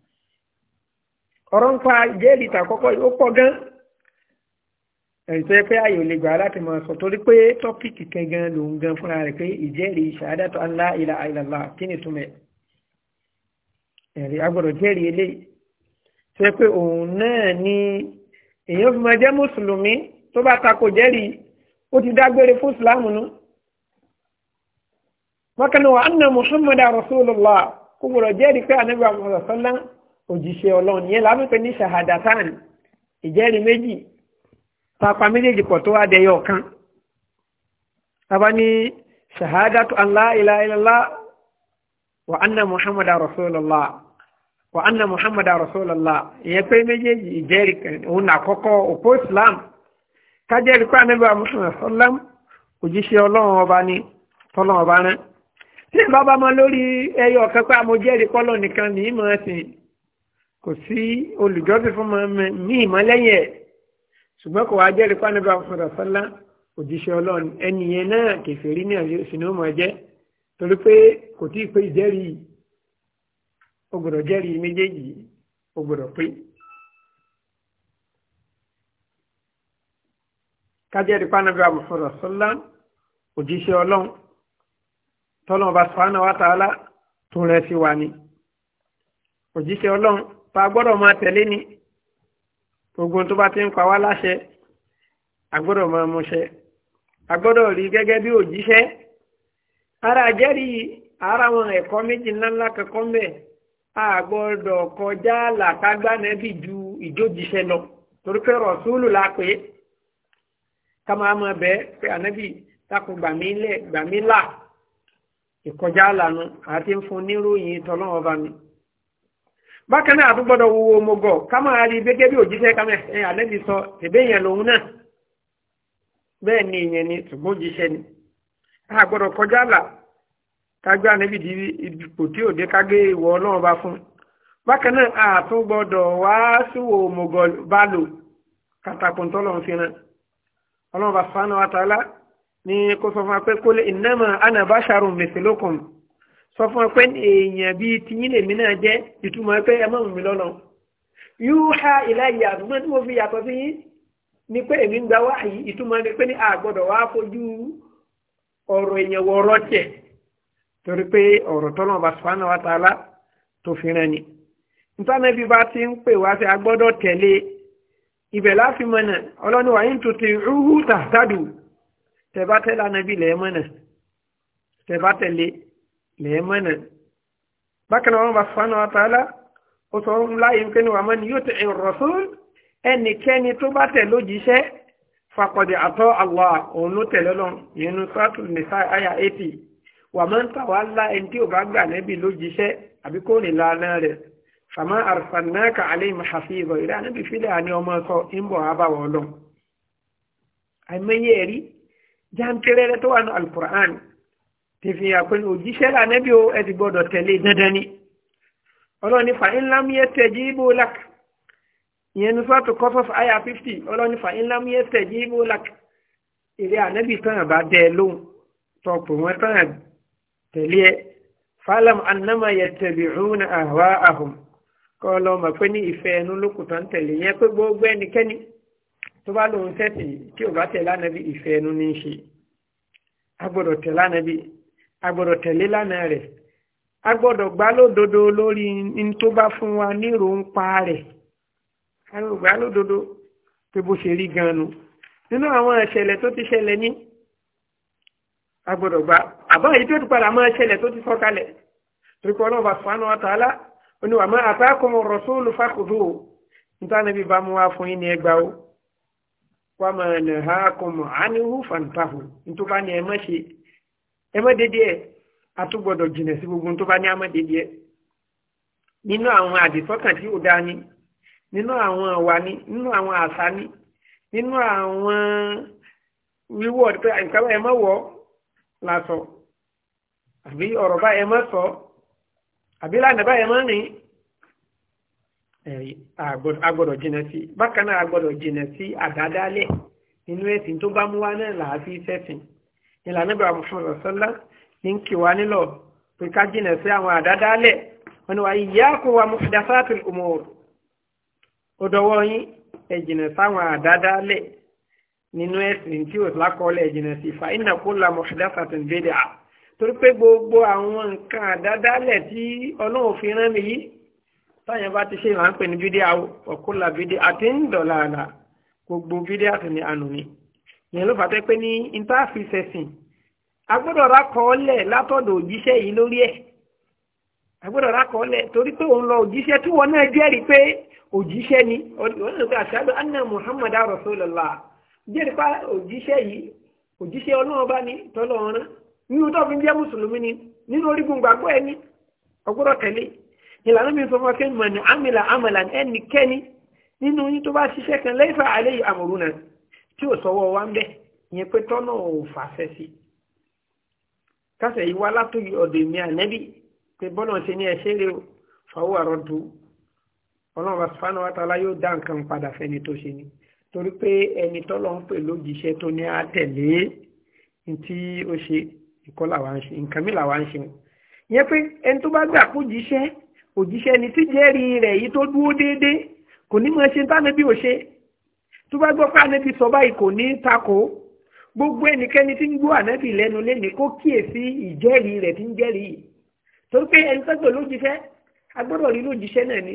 ọ̀rọ̀ ń pa ìbéèrè ìtàkọ́kọ́ ó pọ̀ gan ẹ̀rí tó yẹ pé ayò lè gbà láti máa sọ torí pé tọ́pìkì gan lòun gan fúnra rẹ̀ pé ìjẹ́rìí ìṣàdátọ̀ ńlá ìlà ìlàlá kí ni túmẹ̀ ẹ̀rí agbọ́dọ̀ jẹ́rìí eléyìí tó yẹ pé òun náà ni èèyàn fi máa jẹ́ mùsùlùmí tó bá ti wa muhammadu kó gbọ́dọ̀ pé òjíṣẹ́ ọlọ́run yẹn lábẹ́ pé ní ṣahadatan ìjẹ́rìí méjì papa méjèèjì pọ̀ tó wá dẹyọ kan tàbá ní ṣahadatu an la ilaha illallah wa anna muhammadu rasulullah wa anna muhammadu rasulullah ìyẹn pé méjèèjì ìjẹ́rìí kan òun nà kọ́kọ́ òpó islam kájẹ́rìí pé anábì wa muhammadu sallam òjíṣẹ́ ọlọ́run ọba ni tọ́lọ́run ọba rán tí bàbá mọ lórí ẹyọ kan pé àmọ́ jẹ́rìí nìkan nìyí mọ̀ sìn kò sí olùjọ́sìn fún mọ́mọ́ ní ìmọ̀lẹ́yìn ẹ̀ ṣùgbọ́n kò wá jẹ́rìí pánibà fúnra sọ́lá òjíṣẹ́ ọlọ́run ẹni yẹn náà kèfèrí ní àṣìnàmọ̀ jẹ́ torí pé kò tí ì pé ìjẹ́rìí ó gbọ́dọ̀ jẹ́rìí méjèèjì ó gbọ́dọ̀ pé. kájẹ́rìí pánibà fúnra sọ́lá òjíṣẹ́ ọlọ́run tọ́lọ́mọba sọ́hánà wàtàlá tó rẹ̀ sí wa ni òjíṣẹ́ ọlọ́run. pa gbọ́dọ̀ máa tẹ̀lé ni gbogbo tó bá ti ń pa wá láṣẹ agbọ́dọ̀ máa múṣẹ agbọ́dọ̀ rí gẹ́gẹ́ bí òjíṣẹ́ ara àjẹ́rìí ara wọn ẹ̀kọ́ méjì ńláńlá kankan bẹ́ẹ̀ àgbọ́dọ̀ kọjá làkágbánẹ́bì ju ìjójíṣẹ́ lọ torí pé rọ̀súlù la pé ká máa mọ bẹ́ẹ̀ pé ànábì ìkọjá àti ń fún níròyìn tọ́lọ́wọ́ bá bákan náà àtún gbọ́dọ̀ wo omogọ̀ ká máa rí gẹ́gẹ́ bí òjíṣẹ́ kámẹ́ ẹ àlẹ́bí sọ ìbéèyàn lòun náà ni ìyẹn a gbọ́dọ̀ kọjá là kágbé àlẹ́bí di ipò tí òde kágbé ìwọ ọlọ́run bá fún bákan náà àtún gbọ́dọ̀ wá síwò omogọ̀ bá lò kàtàkùn tọ́lọ́run fi ràn ni sọ fún wa ana basharun sọ fún ọ pé èèyàn bíi tiyín lèmi náà jẹ́ ìtumọ̀ pé ẹ má mú mi lọ́nà yóò ha ìlàyà àdúgbò tí mo fi yàtọ̀ sí yín ni pé èmi ń gba wáyé ìtumọ̀ ni pé ní àgbọ̀dọ̀ wá fojú ọ̀rọ̀ èèyàn wọ ọ̀rọ̀ torí pé ọ̀rọ̀ tọ́nà ọba sùpánà wa tààlà tó fi ràn ní. ntánàbí bá ti ń pè wá sí agbọ́dọ̀ tẹ̀lé ibẹ̀ láfi mọ̀nà ọlọ́ni wàyí tuntun rúhù tàdádù tẹ̀bá tẹ̀lé anábì lẹ́ẹ̀mọ̀nà lẹ́ẹ̀mọ́nà bákan náà wọn bá fanu àtàlà ó sọ láàyè wípé ni wàá mọ́ni yóò tẹ̀ ẹ̀ rọ̀sùn ẹnikẹ́ni tó bá tẹ̀ lójíṣẹ́ fakọ̀dé àtọ́ Allah òun ló tẹ̀lé lọ yẹn nu sátú nìsa àyà eighty wàá mọ́ ń tà wá lá ẹni tí ò bá gbà nẹ́bí lójíṣẹ́ àbí kò ní lánà rẹ̀ fàmà àrùfànàkà àlẹ́ ìmọ̀hàfi ìbọ̀ ìrẹ́ ànábì fílẹ̀ àní ọmọ sọ ń bọ̀ abáwọ̀ lọ. àìmọye ẹ̀rí jáńtẹ́rẹ́rẹ́ tó wà ní alukur'an ti fi hàn òjíṣẹ́ lànẹ́bí o ẹ ti gbọ́dọ̀ tẹ̀lé dandan ni ọlọ́ni fa ńlámúyẹ tẹ̀jí ibò lak ìyẹn ní sọ́ọ̀tù kọ́sọ́f àyà fífítì ọlọ́ni fa ńlámúyẹ tẹ̀jí ibò lak ìrẹ ànẹ́bí tọ̀yàn bá dẹ lóhùn tọ̀pù wọn tọ̀yàn tẹ̀lé ẹ fálàm annámà yẹ tẹ̀lé òun àwa àhùn kọ́ lọ pé ní ìfẹ́ ẹnu lókùtà ń tẹ̀lé pé gbogbo ẹnikẹ́ni tó bá tí ò bá tẹ̀lé ànẹ́bí ìfẹ́ ẹnu agbọ́dọ̀ tẹ̀lé lánàá rẹ̀ agbọ́dọ̀ gbá lódodo lórí ní tó bá fún wa nírò ń pa rẹ̀ agbọ́dọ̀ gbá lódodo pé bó ṣe rí gan nu nínú àwọn ìṣẹ̀lẹ̀ tó ti ṣẹlẹ̀ ní agbọ́dọ̀ gbá àbá yìí tó ti padà mọ́ ìṣẹ̀lẹ̀ tó ti sọ kalẹ̀ torí pé ọlọ́run bá sùnánù àtàlá oníwàmọ́ àtàkùn rọ̀ṣọ́ọ̀lù fàkùdù nítànàbí bá mú wa fún yín ní ẹgbàá o wàmọ̀ nàhákùn àníhù fàǹtàhù nítorí bá ní ẹ mọ́ ṣe ẹ a gbogbo tó bá ní a N'inu nínú àwọn àdìsọ́kàn tí ò dá ní nínú àwọn àwa ní nínú àwọn àṣà ní nínú àwọn wíwọ̀ pé àìsàn ẹ la sọ àbí ọrọ bá ẹ sọ àbí lànà bá ẹ má rìn agbọ́dọ̀ jìnà sí bákan náà agbọ́dọ̀ sí nínú tó bá mú wá ìlànà ìbára Muhammad sọ́lá ní kí wá nílọ pé ká jìnà sí àwọn àdádálẹ̀ wọn ni wà ìyá kó wa muhdathatil umur ó dọwọ́ yín ẹ jìnà sáwọn àdádálẹ̀ nínú ẹ̀sìn tí ò lákọọ́lẹ̀ ẹ jìnà sí fa inna kulla muhdathatin bid'ah torí pé gbogbo àwọn nǹkan àdádálẹ̀ tí ọlọ́run fi rán mi yìí táyẹn bá ti ṣe ìlànà pè ní bídíà ọ̀kúlà bídíà àti ń dọ̀là ìyẹn ló fàtẹ́ pé ní intafi sẹ̀sìn agbọ́dọ̀ rákọọ́lẹ̀ látọ̀dọ̀ òjíṣẹ́ yìí lórí ẹ̀ agbọ́dọ̀ rákọọ́lẹ̀ torí pé òun lọ òjíṣẹ́ tí wọn náà jẹ́rìí pé òjíṣẹ́ ni wọn lè pe àṣàdọ̀ anna muhammad rasulullah jẹ́rìí pé òjíṣẹ́ yìí òjíṣẹ́ ọlọ́run bá nínú tó fi ni nínú orígun ẹ ìlànà mi mọ̀ ní amìlà amìlà ẹnikẹ́ni nínú yín tó bá ṣiṣẹ́ kan lẹ́yìn tí ò sọwọ́ wa ń bẹ̀ ìyẹn pé tọ́nà ò fàṣẹ sí kásẹ̀ yìí wá látòyí ọ̀dọ̀ èmi ànẹ́bí pé bọ́lọ̀ ṣe ní ẹṣẹ́ rẹ fàwọ́ àrọ́dù ọlọ́run bá sùfánà wátàlá yóò dá nǹkan padà fẹ́ni tó ṣe ni torí pé ẹni tọ́lọ́ ń pè lójíṣẹ́ tó ní àtẹ̀lé tí ó ṣe ìkọ́ làwa ṣe nǹkan mi làwa ṣe ìyẹn pé ẹni tó bá gbà kó jíṣẹ́ òjíṣẹ́ ni tí jẹ́rìí rẹ̀ yìí tó dúró déédéé kò ní mọ̀ ṣe tánàbí tó bá gbọ́ pé ànábì sọ báyìí kò ní takò gbogbo ẹnikẹ́ni tí ń gbọ́ ànábì lẹ́nu lẹ́ni kó kíyèsí ìjẹ́rìí rẹ̀ tí ń jẹ́rìí torí pé ẹni tó gbọ́ lójíṣẹ́ agbọ́dọ̀ rí lójíṣẹ́ náà ni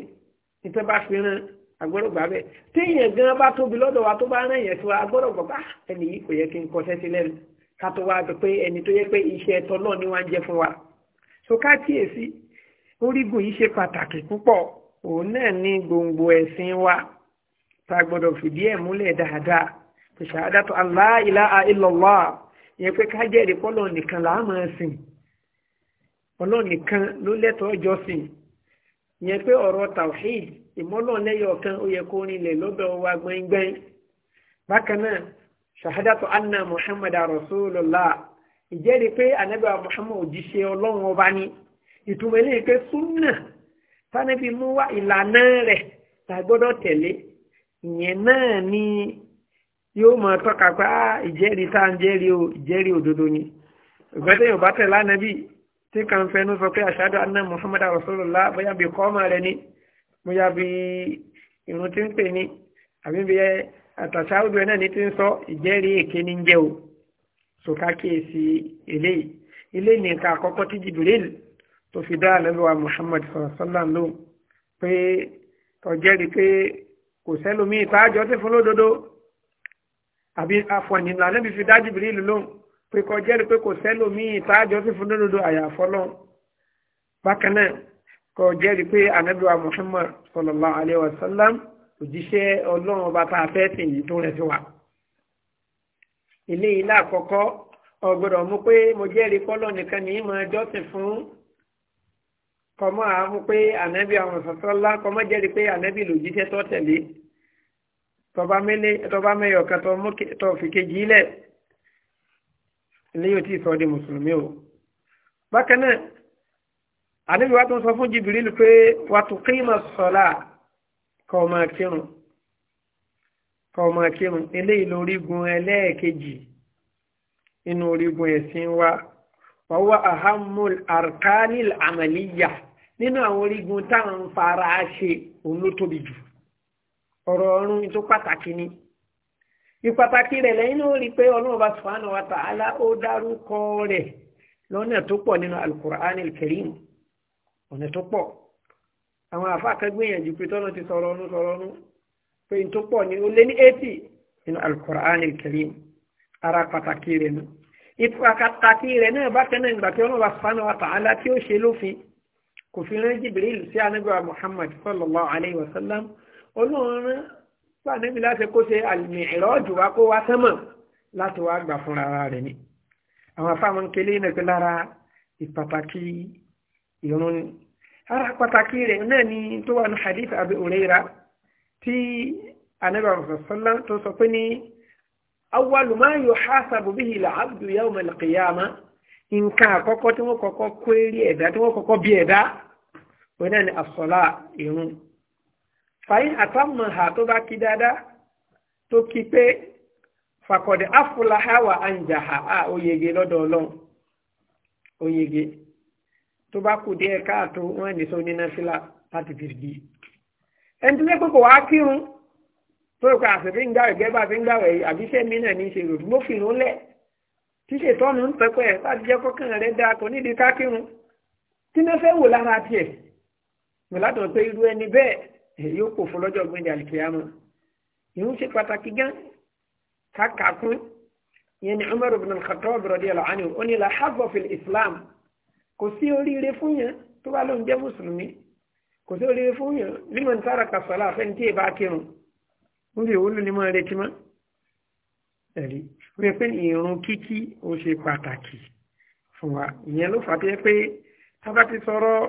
nítorí bá fi ràn agbọ́dọ̀ gbà bẹ́ẹ̀ téèyàn gan bá tóbi lọ́dọ̀ wa tó bá rán yẹn fún wa agbọ́dọ̀ gbọ́ bá ah, ẹni yìí kò yẹ kí n kọṣẹ́ sí lẹ́nu ká tó wá pé ẹni tó yẹ pé iṣẹ́ ẹ̀tọ́ náà ni wọ́n ń jẹ́ fún wa so ká kíyèsí orígun yìí ṣe pàtàkì púpọ̀ òun náà ní gbòǹgbò ẹ̀sìn wa ta a gbọ́dọ̀ fìdí ẹ̀ múlẹ̀ dáadáa pé ṣàádátù Allah ilaha illallah yẹn pé ká jẹ́rìí pé Ọlọ́run nìkan là á nìkan ló lẹ́tọ̀ọ́ jọ́sìn yẹn pé ọ̀rọ̀ tawhid ìmọ́lọ́ọ̀lẹ́yọ̀ kan ó yẹ kó rinlẹ̀ wa bákan náà anna muhammad pé anabi muhammad òjíṣẹ́ ọlọ́run ọba ni ìtumọ̀ súnà tánàbí mú wá ìlànà rẹ̀ tẹ̀lé ìyẹn náà ni yóò mọ̀ tọ́ka pé á ah, ìjẹ́rìí tá à ń jẹ́rìí o ìjẹ́rìí òdodo ni ìgbẹ́ tẹ̀yìn ò bá tẹ̀ lánàbí tí kan fẹnu sọ pé ashadu anna Muhammad rasulullah bóyá bí kọ́ rẹ ni bóyá bí irun tí ń pè ní àbí bí àtàṣáwùdù ẹ̀ náà ní ti ń sọ ìjẹ́rìí èké ní ń jẹ́ o sòká kíyèsí eléyìí ilé ní àkọ́kọ́ tí Jibril tó fi dá ànábì wa Muhammad sallallahu alaihi wasallam lóhùn pé ó pé kò sẹ́lómi ìpájọ́ tí fún lódodo àbí àfọ̀nìlà níbi fi dájú bìrì ìlú lóhùn pé kó jẹ́rìí pé kò sẹ́lómi ìpájọ́ tí fún lódodo àyàfọ́ lọ́hùn bákan náà kó pé anábíwá Muhammad sallallahu alayhi wa sallam òjíṣẹ́ ọlọ́run ọba tá a fẹ́ sìn yìí tó rẹ̀ sí wa. ilé ilé àkọ́kọ́ ọgbọ́dọ̀ mú pé mo jẹ́rìí pé nìkan ni mo jọ́sìn kọmọ àáfù pé ànábì àwọn sọsọlá kọmọ jẹ́rìí pé ànábì lòjíṣẹ́ tó tẹ̀lé tọba mẹlẹ tọba mẹyọ kan tọ fi kejì lẹ ilé yóò tí ì sọ di mùsùlùmí o bákan náà ànábì wa tó ń sọ fún jìbìrìlù pé wàtúkìmọ sọlá kọmọ kírun kọmọ kírun eléyìí lórígun ẹlẹ́ẹ̀kejì inú orígun ẹ̀sìn wa fọwọ́ ahamul arkanil amaliya nínú àwọn orígun táwọn fara ṣe òun ló tóbi jù ọ̀rọ̀ ọ̀run tó pàtàkì ni ìpàtàkì rẹ̀ lẹ́yìn náà rí i pé ọlọ́run bá subhanahu wa ta'ala ó dárúkọ rẹ̀ lọ́nà tó pọ̀ nínú alukur'an alkarim ọ̀nà tó pọ̀ àwọn àfáàkẹ́ gbìyànjú pé tọ́nà ti sọ̀rọ̀ ọ̀nù sọ̀rọ̀ ọ̀nù pé tó pọ̀ ní ó lé ní eighty nínú alukur'an alkarim ara pàtàkì rẹ̀ náà ìfàkàtàkì rẹ̀ náà bákan náà ìgbà tí ọlọ́wà sánà wa ta'ala tí ó ṣe lófin kò fi rán Jibril sí anábíwá Muhammad sallallahu alayhi wa sallam olóòórùn fún anábì láti kó ṣe àlùmí ẹ̀rọ ọ̀jù wa kó wá sánmọ̀ láti wá gbà fúnra rẹ̀ ni àwọn afáàmọ́ ń kélé náà pé lára tí anábíwá tó sọ pé ní awwalu ma yuhasabu bihi al-abdu yawm al-qiyamah nǹkan àkọ́kọ́ tí wọ́n kọ́kọ́ kó eré ẹ̀dá tí wọ́n kọ́kọ́ bí ẹ̀dá wọn náà ni as-sala irun fàyín àtàmọ̀hà tó bá kí dáadáa tó kí pé fàkọ̀dẹ̀ afúláhà wà àǹjàhà á oyege lọ́dọ̀ ọlọ́run oyege tó bá kù díẹ̀ káàtó wọn ní sọ ní náfìlà láti fi di ẹni tó yẹ kó kò wá kírun tó kọ àṣẹ fi ń gbàwẹ̀ gẹ́gẹ́ bá fi ń gbàwẹ̀ àbíṣẹ́ mi náà ní í ṣe ròdù mo fìrún lẹ̀ ṣíṣe tọ́nu ń pẹpẹ ẹ̀ láti jẹ́ kọ́kàn rẹ̀ dáa kò nídìí kákírun tí wọ́n fẹ́ wò lára tiẹ̀ mọ̀ látọ̀ pé irú ẹni bẹ́ẹ̀ yóò kò fún lọ́jọ́ gbẹ̀ndẹ̀ àlìkìyàmọ́ ìhun ṣe pàtàkì gan kàkà kún ìyẹn ni Umar ibn al-Khattab radiyallahu anhu ó la hazza fil Islam kò sí oríire fún yẹn tó bá lóun jẹ́ mùsùlùmí kò sí oríire fún yẹn liman taraka salah fẹ́ni tí ì bá kírun orí owó ló lè máa retí mọ́ ẹ̀rí ó yẹ pé ìrun kíkí ó ṣe pàtàkì fún wa ìyẹn ló fà á pé tábà ti sọ̀rọ̀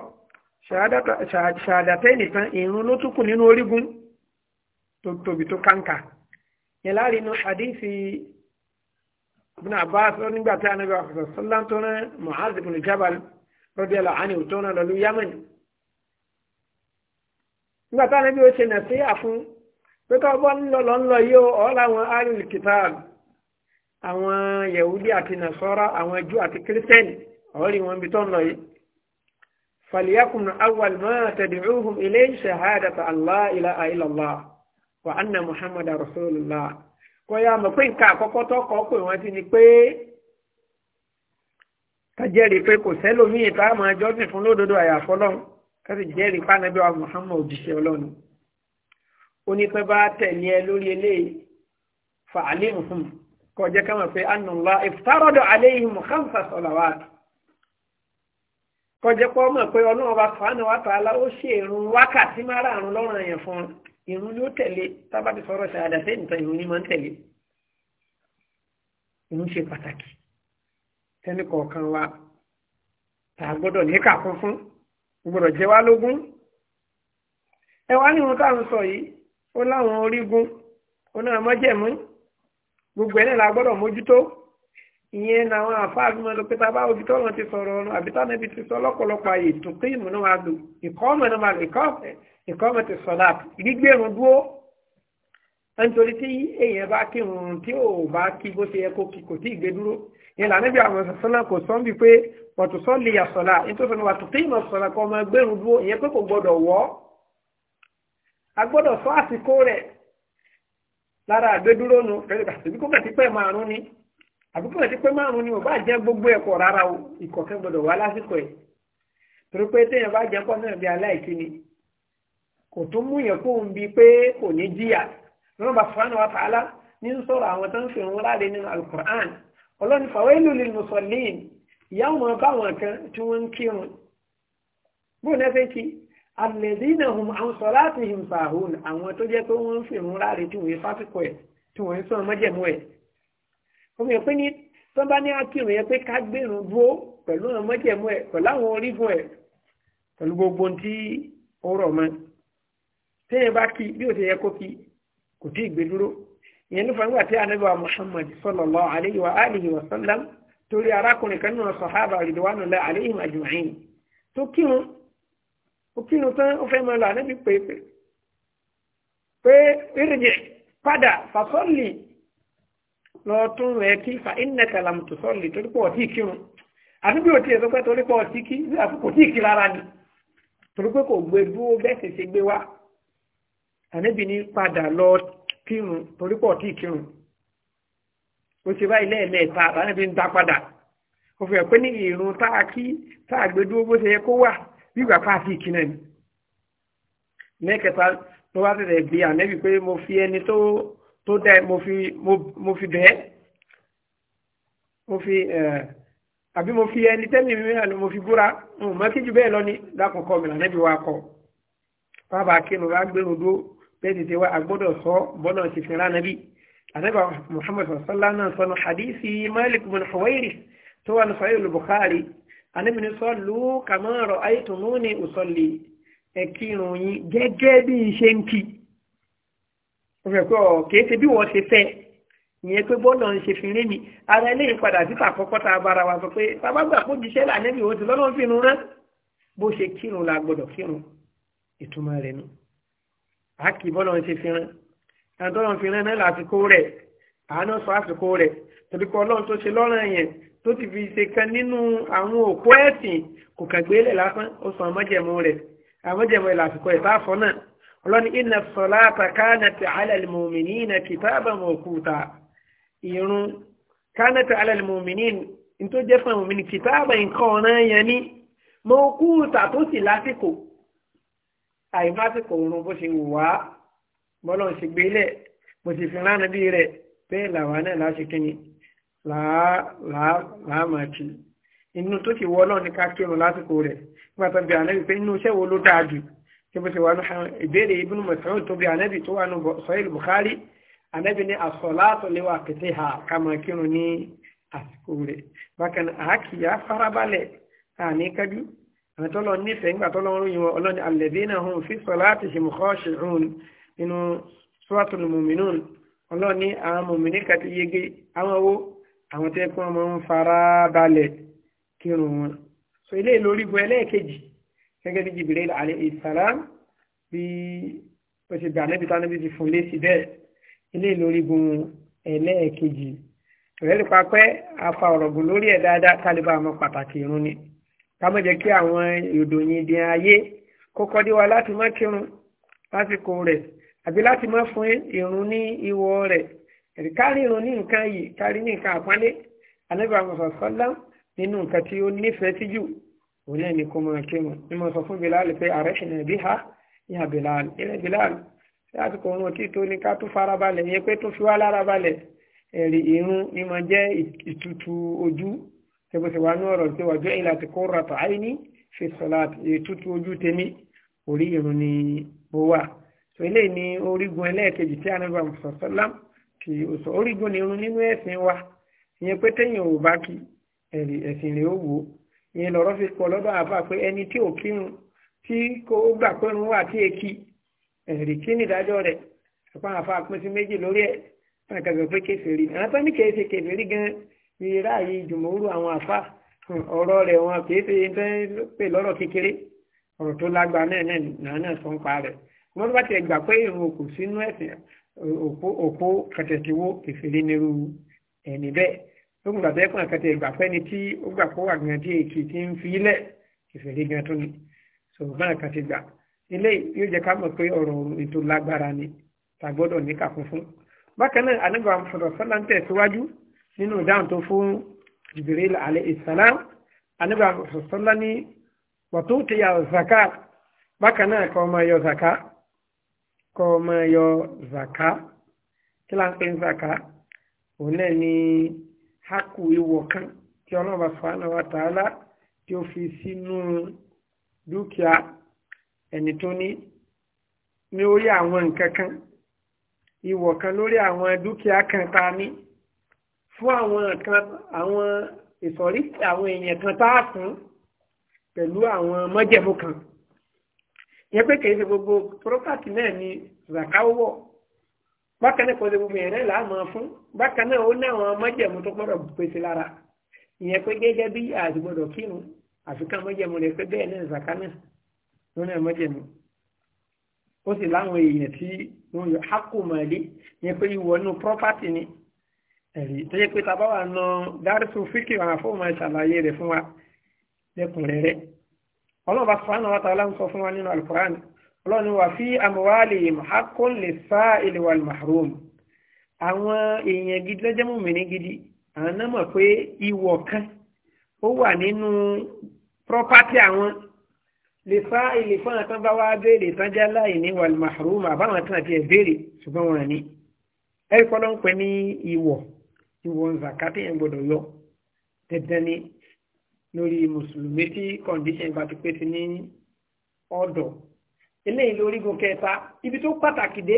ṣàdàtẹ́ nìkan ìrun ló tún kù nínú orígun tó tóbi tó kàǹkà yẹn láàrin inú àdéhìsì ibn abbas lọ nígbà tí anabi àfẹsọ sọlá tó rán mu'az ibn jabal radiyallahu anhu tó rán lọlú yamani nígbà tí anabi ó ṣe nàṣíyà fún pé ká bọ́ ńlọlọ ńlọ yìí ó ọ̀ọ́lá àwọn arìnrìn kìtàb àwọn yahudi àti nasara àwọn jù àti kírísítẹ́nì ọ̀ọ́rì wọn bí tó ń lọ yìí. فليكن أول ما تدعوهم إليه شهادة الله إله إلا الله وأن محمد رسول الله kọ́yá mọ̀ a máa jọ́sìn fún lódodo àyàfọ́ lọ́hùn ká sì onípẹ́ bá tẹ̀lé ẹ lórí eléyìí fa alimu fún kọjá kama pé anula iftarodo aleyhim khamsa salawat kọjá pé ọmọ pé ọlọ́run ọba fàánù wa ta'ala ó ṣe irun wákàtí márààrún lọ́rùn ẹ̀yàn fún irun ló tẹ̀lé tábàbí sọ̀rọ̀ ṣàdá sẹ́yìn tán irun ni máa tẹ̀lé irun ṣe pàtàkì tẹ́nì kọ̀ọ̀kan wa tá gbọ́dọ̀ níkà fún gbọ́dọ̀ jẹ́ wá lógún ẹ wá ní irun tá sọ yìí ó láwọn orígun ó náà mọ́jẹ̀mú gbogbo ẹ̀ la gbọ́dọ̀ mójútó ìyẹn làwọn àfáà bí wọn lọ pé tá a bá ojú tọ́lọ́ ti sọ̀rọ̀ ọ̀run àbí tá níbi ti sọ lọ́pọ̀lọpọ̀ àyè ìtùkú ìmọ̀ náà máa lò ìkọ́mọ̀ náà máa lò ìkọ́mọ̀ ti sọ̀ láàpù gbígbérun dúró nítorí tí èèyàn bá kírun tí ò bá kí bó ṣe yẹ kó kí kò tí ì gbé dúró ìyẹn làwọn níbi àwọn sọ̀sọ́nà kò sọ́n bíi pé wọ́n tó sọ́ lè yà sọ̀lá nítorí wọn tó kí ìmọ̀ sọ̀lá kọ́ ọmọ gbérun dúró ìyẹn pé kò gbọ́dọ̀ wọ́ a gbọ́dọ̀ sọ àsìkò rẹ̀ lára àgbédúró nu àbí kò kẹ̀tí pẹ́ márùn ni àbí kò kẹ̀tí pẹ́ márùn ni ò bá jẹ́ gbogbo ẹ̀kọ́ ni kò tún mú yẹn kó ń bi pé kò ní wa tààlà ní ń sọ̀rọ̀ àwọn tó ń fi wọn láre nínú alukur'an ọlọ́ni fàwẹ́lú lil musallin ìyá wọn bá wọn kan tí wọ́n ń kírun bóun náà fẹ́ kí àlẹ́dínà hùn àwọn sọ̀rọ̀ àti hìǹfà hùn àwọn tó jẹ́ pé wọ́n ń fìrún láre tí wọ́n fásitì ẹ̀ tí wọ́n ń sọ mọ́jẹ̀mú ẹ̀. omi ẹ̀ pé ní tó bá ní akírun yẹn pé ká gbèrún dúró pẹ̀lú àwọn mọ́jẹ̀mú ẹ̀ pẹ̀lú àwọn orígun ẹ̀ pẹ̀lú gbogbo tí ó rọ̀ mọ́. téèyàn bá kí bí ó ti yẹ kó kí kò tí ì gbé dúró. ìyẹn ló fàá tí ànábì Muhammad sallallahu alayhi wa alihi torí arákùnrin kan nínú sàhábà òkìnnù tán ó fẹ́ máa lọ ànábì pèpè pé ìrìnjẹ padà fàsọ́ọ̀lì lọ tún rẹ̀ kí fa ìnẹ̀kà làmùtò sọ́ọ̀lì torí pọ̀ ọ̀tí kírun àdúgbò òtí ẹ̀ sọ pé torí pọ̀ ọ̀tí kí kò tí ì kí rárá ni torí pé kò gbé dúró bẹ́ẹ̀ sì ṣe gbé wá ànábì ní padà lọ kírun torí pọ̀ ọ̀tí kírun ó ṣe báyìí lẹ́ẹ̀mẹ́ta ànábì ń dá padà ó fi hàn pé ní ìrun tá a kí tá a gbé dúró bó ṣe yẹ kó wà gbígbà pa àfi ìkínà ni lẹ́kẹta tó bá tẹ̀lé bí ànẹ́bí pé mo fi ẹni tó tó mo fi mo àbí mo fi ẹni tẹ́mi mìíràn ni mo fi búra mo mọ kí ju bẹ́ẹ̀ lọ ni lákòókò mi lànẹ́bí wa kọ bàbá akínú bá gbẹrun dó bẹ́ẹ̀ tètè wa àgbọ́dọ̀ sọ bọ́nà ti fi rán ànẹ́bí ànẹ́bí Muhammad sallallahu alaihi wa sallam sọnù hadisi Malik bin Huwairi tó ànábì ní sọ́ọ̀lù kàmọ́ọ̀rọ̀ ayétùmú ní ìsọ̀lì ẹ̀kírun yín gẹ́gẹ́ bí n ṣe ń kí o fẹ́ pé ọ̀ kìí ṣe bí wọ́n ṣe fẹ́ ìyẹn pé bọ́ọ̀lù ń ṣe fi rí mi ara ilé ìpadà síta àkọ́kọ́ tá a bára wa sọ pé bàbá gbà kó jíṣẹ́ lànẹ́bí òun ti lọ́nà fi rán bó ṣe kírun la gbọ́dọ̀ kírun ìtumọ̀ rẹ̀ nu àkì bọ́ọ̀lù ń ṣe fi rán àtọ́lọ́ fi rán náà lásìkò rẹ̀ àánú sọ àsìkò rẹ̀ torí pé ọlọ́run tó ṣe lọ́rùn yẹn tó ti fi ṣe kan nínú àwọn òkú ẹ̀sìn kò kàgbélẹ̀ lásán ó sọ àmọ́jẹ̀mú rẹ̀ àmọ́jẹ̀mú rẹ̀ lásìkò ẹ̀ sáfọ́ náà ọlọ́ni iná sọ̀lá kánàtì alẹ́lmùmìnì iná kìtàbà mọ̀kúta irun kánàtì alẹ́lmùmìnì tó jẹ́ fún àmùmìnì kìtàbà nǹkan ọ̀ràn yẹn ní mọ̀kúta tó sì lásìkò àìmásìkò òrun bó ṣe wà á ṣe gbélẹ̀ bó ṣe fi ránà láàmàkì inú tó ti wọ́ náà ní ká kírun lásìkò rẹ̀ nígbà tó bí ànábì pé inú iṣẹ́ wo ló dáa jù tí bó ti wà ní ìbéèrè Ibn Mas'ud tó bí ànábì tó wà ní Sahih Bukhari ànábì ní as-salatu li waqtiha ká máa kírun ní àsìkò rẹ̀ bákan àákìyà farabalẹ̀ àní kájú àwọn tó lọ nífẹ̀ẹ́ nígbà tó lọ ń ròyìn wọn ọlọ́ni alladhina hum fi salatihim nínú Suratul Mu'minun ọlọ́ni àwọn mòmìnì kàti yege àwọn owó àwọn tẹ́ kí wọ́n máa ń fara balẹ̀ kírun wọn so ilé lórí bu ẹlẹ́ẹ̀kejì gẹ́gẹ́ bí Jibril alayhi salam bí ó ti gbà nẹ́bi tánú bí ti fún lé sí bẹ́ẹ̀ ilé lórí bu ẹlẹ́ẹ̀kejì tòlẹ́lì papẹ́ afa ọ̀rọ̀ gùn lórí ẹ̀ dáadáa kálíbà àmọ́ pàtàkì irun ni ká jẹ́ kí àwọn ìròyìn ìdí ayé kókọ́ dé wa láti má kírun lásìkò rẹ̀ àbí láti má fún irun ní ìwọ rẹ̀ kárí irun ní nǹkan yìí kárí ní nǹkan àpọ́nlé ànábì àwọn sọ́lá nínú nǹkan tí ó nífẹ̀ẹ́ sí jù òun náà ni kó máa kírun ni mo sọ fún Bilal pé ààrẹ ṣìnà bí ha ìyá Bilal ìrẹ́ Bilal láti kò wọn tí tó ní ká tó farabalẹ̀ yẹ pé tó fi wá lára balẹ̀ ẹ̀rí irun ni máa jẹ́ ìtutù ojú tẹ́gbẹ́ tí wàá ní ọ̀rọ̀ tí wàá jọ ìlà tí kò rà tó àìní fi sọ̀lá ìtutù ojú tèmi orí irun ni mo wà so eléyìí ni orígun ẹlẹ́ẹ̀kejì tí ànábì àwọn tí ó sọ orígun nírun nínú ẹ̀sìn wa ìyẹn pé téèyàn ò bá kí ẹ̀sìn rẹ̀ ó wò ó ìyẹn lọ́rọ́ fi pọ̀ lọ́dọ̀ àbá pé ẹni tí ò kírun tí kò gbà pé òun wà tí èkì ẹ̀rì kí ni ìdájọ́ rẹ̀ àpá àfa pín sí méjì lórí ẹ̀ náà kàgbẹ́ pé kèfèrí ni àwọn tó ní kèése kèfèrí gan ìrírá yìí jùmọ̀rú àwọn àfa ọ̀rọ̀ rẹ̀ wọn kìí ṣe ń pè lọ́rọ̀ kékeré ọ̀rọ̀ tó lágbá náà náà sọ ń pa rẹ̀ wọ́n bá ti gbà pé ìrun kò sínú ẹ̀sìn òpó kẹtẹ̀ tí wó kẹfìrí nírú ẹni bẹ́ẹ̀ lókùn gbàgbé ẹ̀kùn kẹtẹ̀ ìgbàfẹ́ ni tí ó gbà kó wà gan tí èkì ti ń fi lẹ̀ kẹfìrí gan tó ni sọ̀rọ̀ náà kẹtẹ̀ gbà ilé yóò jẹ́ ká mọ̀ pé ọ̀rọ̀ ètò lágbára ni tá gbọ́dọ̀ ní kàkún fún. bákan náà anábà sọ̀rọ̀ sọ́lá ń nínú ìdáhùn tó fún Jibril alayhi salam anábà sọ̀rọ̀ sọ́lá ní wàtúntìyà kọ́ ọmọ yọ zaka kí là ń pè ní zaka òun náà ni haku ìwọ̀ kan tí ọlọ́ọ̀bà fàánà wa tààlà tí ó fi sínú dúkìá ẹni tó ní ní orí àwọn nǹkan kan ìwọ̀ kan lórí àwọn dúkìá kan tá a ní fún àwọn kan àwọn ìsọ̀rí àwọn èèyàn kan tá a fún pẹ̀lú àwọn mọ́jẹ̀mú kan yẹn pé kìí ṣe gbogbo pọ́pátì náà ni zaka wọ̀ bákan náà kò ṣe gbogbo yẹn náà là á máa fún bákan náà ó ní àwọn májẹ̀mú tó gbọ́dọ̀ pèsè lára ìyẹn pé gẹ́gẹ́ bí àti gbọ́dọ̀ kírun àfikún májẹ̀mú rẹ̀ pé bẹ́ẹ̀ náà zaka náà ló ní májẹ̀mú ó sì láwọn èèyàn tí wọ́n yọ hákùmọ̀lé yẹn pé ìwọ inú pọ́pátì ni ẹ̀rí tó yẹ pé tàbá wà nà dárísù fíkì àwọn afọ́ọ̀mọ̀ ọlọ́run bá sọ́nà wa ta'ala ń sọ fún wa nínú alukur'an ọlọ́run ni wà fi amwalihim haqqun lis-sa'ili wal mahrum àwọn èèyàn gidi lọ́jọ́ mùmìnì gidi àwọn náà mọ̀ pé ìwọ̀ kan ó wà nínú property àwọn lè fa ilé fún àtàn bá wá béèrè tán jẹ́ láìní wal mahrum àbáwọn tán àti ẹ̀ béèrè ṣùgbọ́n wọn ni ẹ̀rí kọ́ ló ń pè ní ìwọ̀ ìwọ̀ nzàkátì yẹn gbọ́dọ̀ yọ dandan ni lórí mùsùlùmí tí condition bá ti pé ti ní ọ̀dọ̀ eléyìí lórígun kẹta ibi tó pàtàkì dé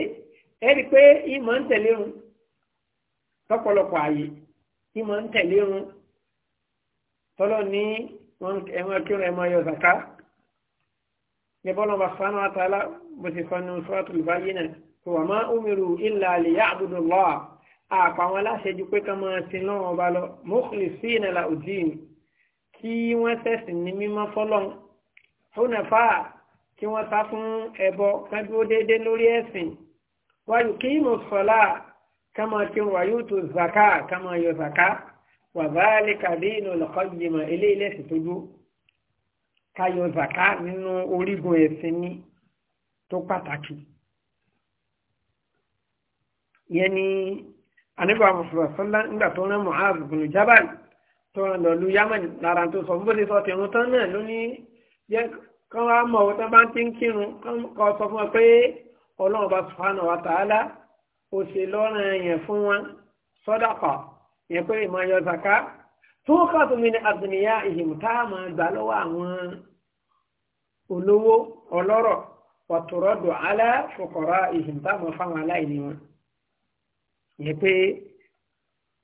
ẹ i pé ìmọ̀ ń tẹ̀lé run lọ́pọ̀lọpọ̀ ààyè ìmọ̀ ń tẹ̀lé run tọ́lọ́ ní ẹ̀wọ̀n kírun ẹ̀mọ́ yọ zaka níbọ̀lọ́ba sanu àtàlà bó ti fanu suratul bayyina tó wà má umiru illa liya'budu Allah àpàwọn aláṣẹ ju pé ká máa sin lọ́wọ́ ọba lọ mukhlisina lahu ddin kí wọ́n ṣẹ̀sìn ní mímọ́ fọ́lọ́run húnàfà kí wọ́n sá fún ẹbọ kan dúró déédé lórí ẹ̀sìn wáyù kí mo sọ̀lá kama kí wọ́n wáyù tó zaka kama yọ zaka wà báyìí kàdé inú lọ́kọ́ eléyìí lẹ́sìn ká yọ zaka nínú orígun ẹ̀sìn ní tó pàtàkì ìyẹn ni anígbà mọ̀sọ̀lá nígbà tó rán Mu'adh bin Jabal tó rán lọ lu yámẹ̀nì lára tó sọ bó ṣe sọ tẹ̀rún tán náà ló ní jẹ́ kán wá mọ̀ ọ́ tán bá ń ti ń kírun kọ́ sọ fún ọ pé ọlọ́run bá subhanahu wa ta'ala ó ṣe lọ́rùn yẹn fún wọn sọ́dàkọ̀ yẹn pé ìmọ̀ ayọ̀ zaka tó kà tó mi ní àdùnìyá ìhìmù tá a máa gbà lọ́wọ́ àwọn olówó ọlọ́rọ̀ wàtúrọ́dù alẹ́ fòkọ̀rọ̀ ìhìmù tá a máa fáwọn aláìní wọn yẹn pé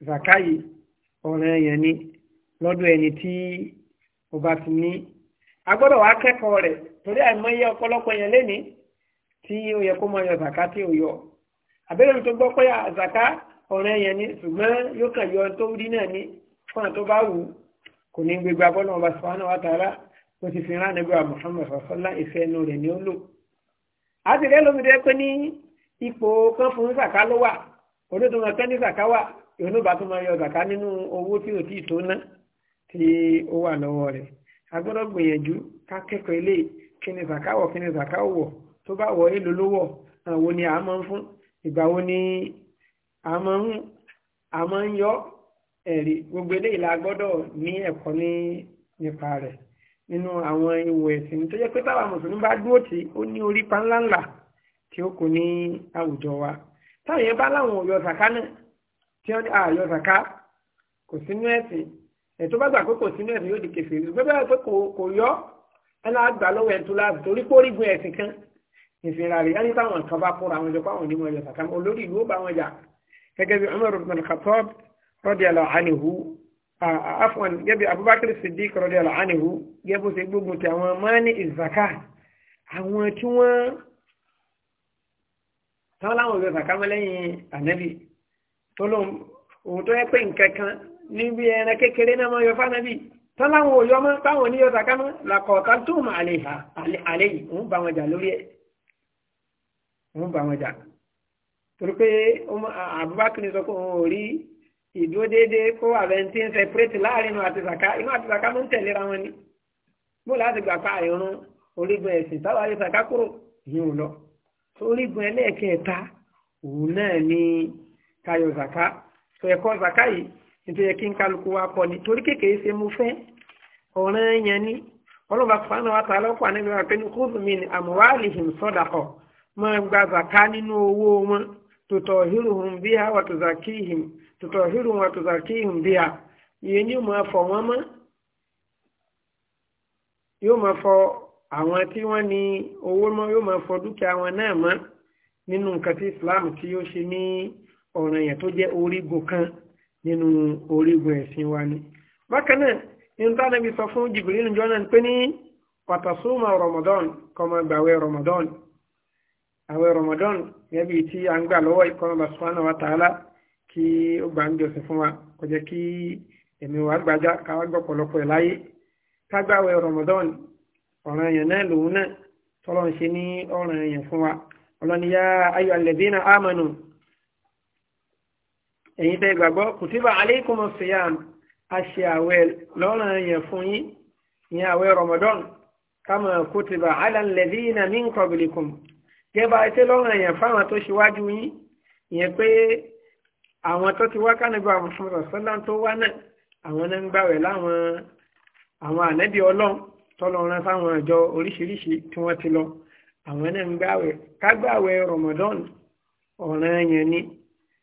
zaka yìí ọ̀rẹ́ yẹn ni lọ́dọ̀ ẹni tí ó bá ti ní a gbọ́dọ̀ wá kẹ́kọ̀ọ́ rẹ̀ torí àìmọye ọ̀pọ̀lọpọ̀ yẹn lẹ́ni tí ó yẹ kó máa yọ zàká tí ò yọ àbẹ́rẹ́ mi tó gbọ́ pé zàká ọ̀rẹ́ yẹn ni ṣùgbọ́n yóò kàn yọ tó rí náà ni fún àtó bá wù kò ní gbégbé abọ́nà ọba subhanahu wa ta'ala ó ti fi rán nígbà Muhammad sọ́sọ́lá ìfẹ́ inú rẹ̀ ni ó lò á ti rẹ́ lómi rẹ́ pé ní ipò kan fún zàká ló wà olóòtú máa pẹ́ ní zàká wà ìhónú bá tún yọ zàká nínú owó tí ò tí ì tó ná tí ó wà lọ́wọ́ rẹ̀ a gbọ́dọ̀ gbìyànjú ká kẹ́kọ̀ọ́ ilé kí ni zakawọ̀ kí ni zakawọ̀ tó bá wọ̀ èlò lówọ̀ àwọn ni a máa ń fún ìgbà wo ni a máa ń yọ ẹ̀rí gbogbo eléyìí la gbọ́dọ̀ ní ẹ̀kọ́ ní nípa rẹ̀ nínú àwọn ìwò ẹ̀sìn tó jẹ́ pé táwa mùsùlùmí bá dúró tí ó ní orí panláńlá tí ó kù ní àwùjọ wa táwọn yẹn bá láwọn òyọ zaka náà tí wọ́n ní àyọ zaka kò sínú ẹ̀sìn ẹ̀ tó bá gbà pé kò sínú ẹ̀sìn yóò di kèfèrí gbé bẹ́ẹ̀ pé kò yọ ẹ̀nà àgbà lọ́wọ́ ẹ̀ tó láàbù torí pórígun ẹ̀sìn kan ìfìnra rẹ̀ yẹn táwọn kan bá kóra àwọn ìjọba àwọn onímọ̀ ẹ̀yọ̀ sàkà olórí ìlú ó bá wọn jà gẹ́gẹ́ bí Umar ibn Khattab radiyallahu anhu afwan gẹ́gẹ́ Abubakar Siddiq radiyallahu anhu gẹ́gẹ́ ṣe gbógun ti àwọn mani ìzàkà àwọn tí wọ́n táwọn láwọn ìjọba sàkà mọ́lẹ́yìn ànábì tó lóun òun tó yẹ pé nǹkan kan níbi ẹran kékeré náà mọ́ yọ fánàbí tọ́láwọn òyọ́ mọ́ táwọn oníyọ̀ tàkà mọ́ làkọ̀ọ̀tà tó mọ̀ àlẹ́ yìí ń bá wọn jà lórí ẹ̀ ń bá wọn jà torí pé Abubakar sọ pé òun ò rí ìdúró déédéé kó àbẹ̀ntì ń sẹpẹ́rẹ́tì láàrin àti sàká inú àti sàká ló ń tẹ̀léra wọn ni bó láti gbà pa ìrún orígun ẹ̀sìn táwa rí sàká kúrò yìí ò lọ orígun ẹlẹ́ẹ̀kẹta òun náà ni káyọ̀ sàká ẹ̀kọ́ sàká yìí nítorí kí n kálukú wa kọ ni torí kékeré ṣe mo fẹ́ ọ̀ràn yẹn ni ọlọ́ba fúnra wa tààlà ọkọ̀ àná ìgbà pé ní kóòtù mi ni amwalihim sadaqa máa gba zàká nínú owó wọn tutohiruhum biha wa tuzakihim tutohiruhum wa tuzakihim biha ìyẹn ni yóò máa fọ̀ mọ́ yóò máa fọ̀ àwọn tí wọ́n ní owó mọ́ yóò máa fọ̀ dúkìá wọn náà mọ́ nínú nǹkan tí Islam tí yóò ṣe ní ọ̀ràn yẹn tó jẹ́ orígun kan nínú orígun ẹ̀sìn wa ni. bákan náà nínú táwọn ẹbí sọ fún Jibril níjọ́ náà pé ní pàtàsúmà Ramadan kọ́mọ gbàwẹ̀ Ramadan àwẹ̀ Ramadan gẹ́bí tí a ń gbà lọ́wọ́ ìkọ́nà bá subhanahu wa ta'ala kí ó gbà ń jọsìn fún wa kò jẹ́ kí ẹ̀mí wa gbàjá káwá gbọ́pọ̀lọpọ̀ ẹ̀ láyé ká gbàwẹ̀ Ramadan ọ̀ràn èèyàn náà lòun náà tọ́lọ́ ń ṣe ní ọ̀ràn èèyàn fún wa ọlọ́niyá ayọ̀ alladhina amanu ẹ̀yin tẹ́ gbàgbọ́ kùtìbà aleikum siyam a ṣe àwẹ̀ lọ́rùn yẹn fún yín ìyẹn àwẹ̀ ramadan kama kùtìbà alàlẹ́dínà min qablikum gẹ́gbà ẹtẹ́ lọ́rùn yẹn fáwọn tó ṣíwájú yín ìyẹn pé àwọn tó ti wá kánibà mùsùlùmí sọ́lá tó wá náà àwọn náà ń gbàwẹ̀ láwọn àwọn ànẹ́bí ọlọ́run tọ́lọ́run sáwọn àjọ oríṣiríṣi tí wọ́n ti lọ àwọn náà ń gbàwẹ̀ kágbàwẹ̀ ramadan ọ̀ràn yẹn ni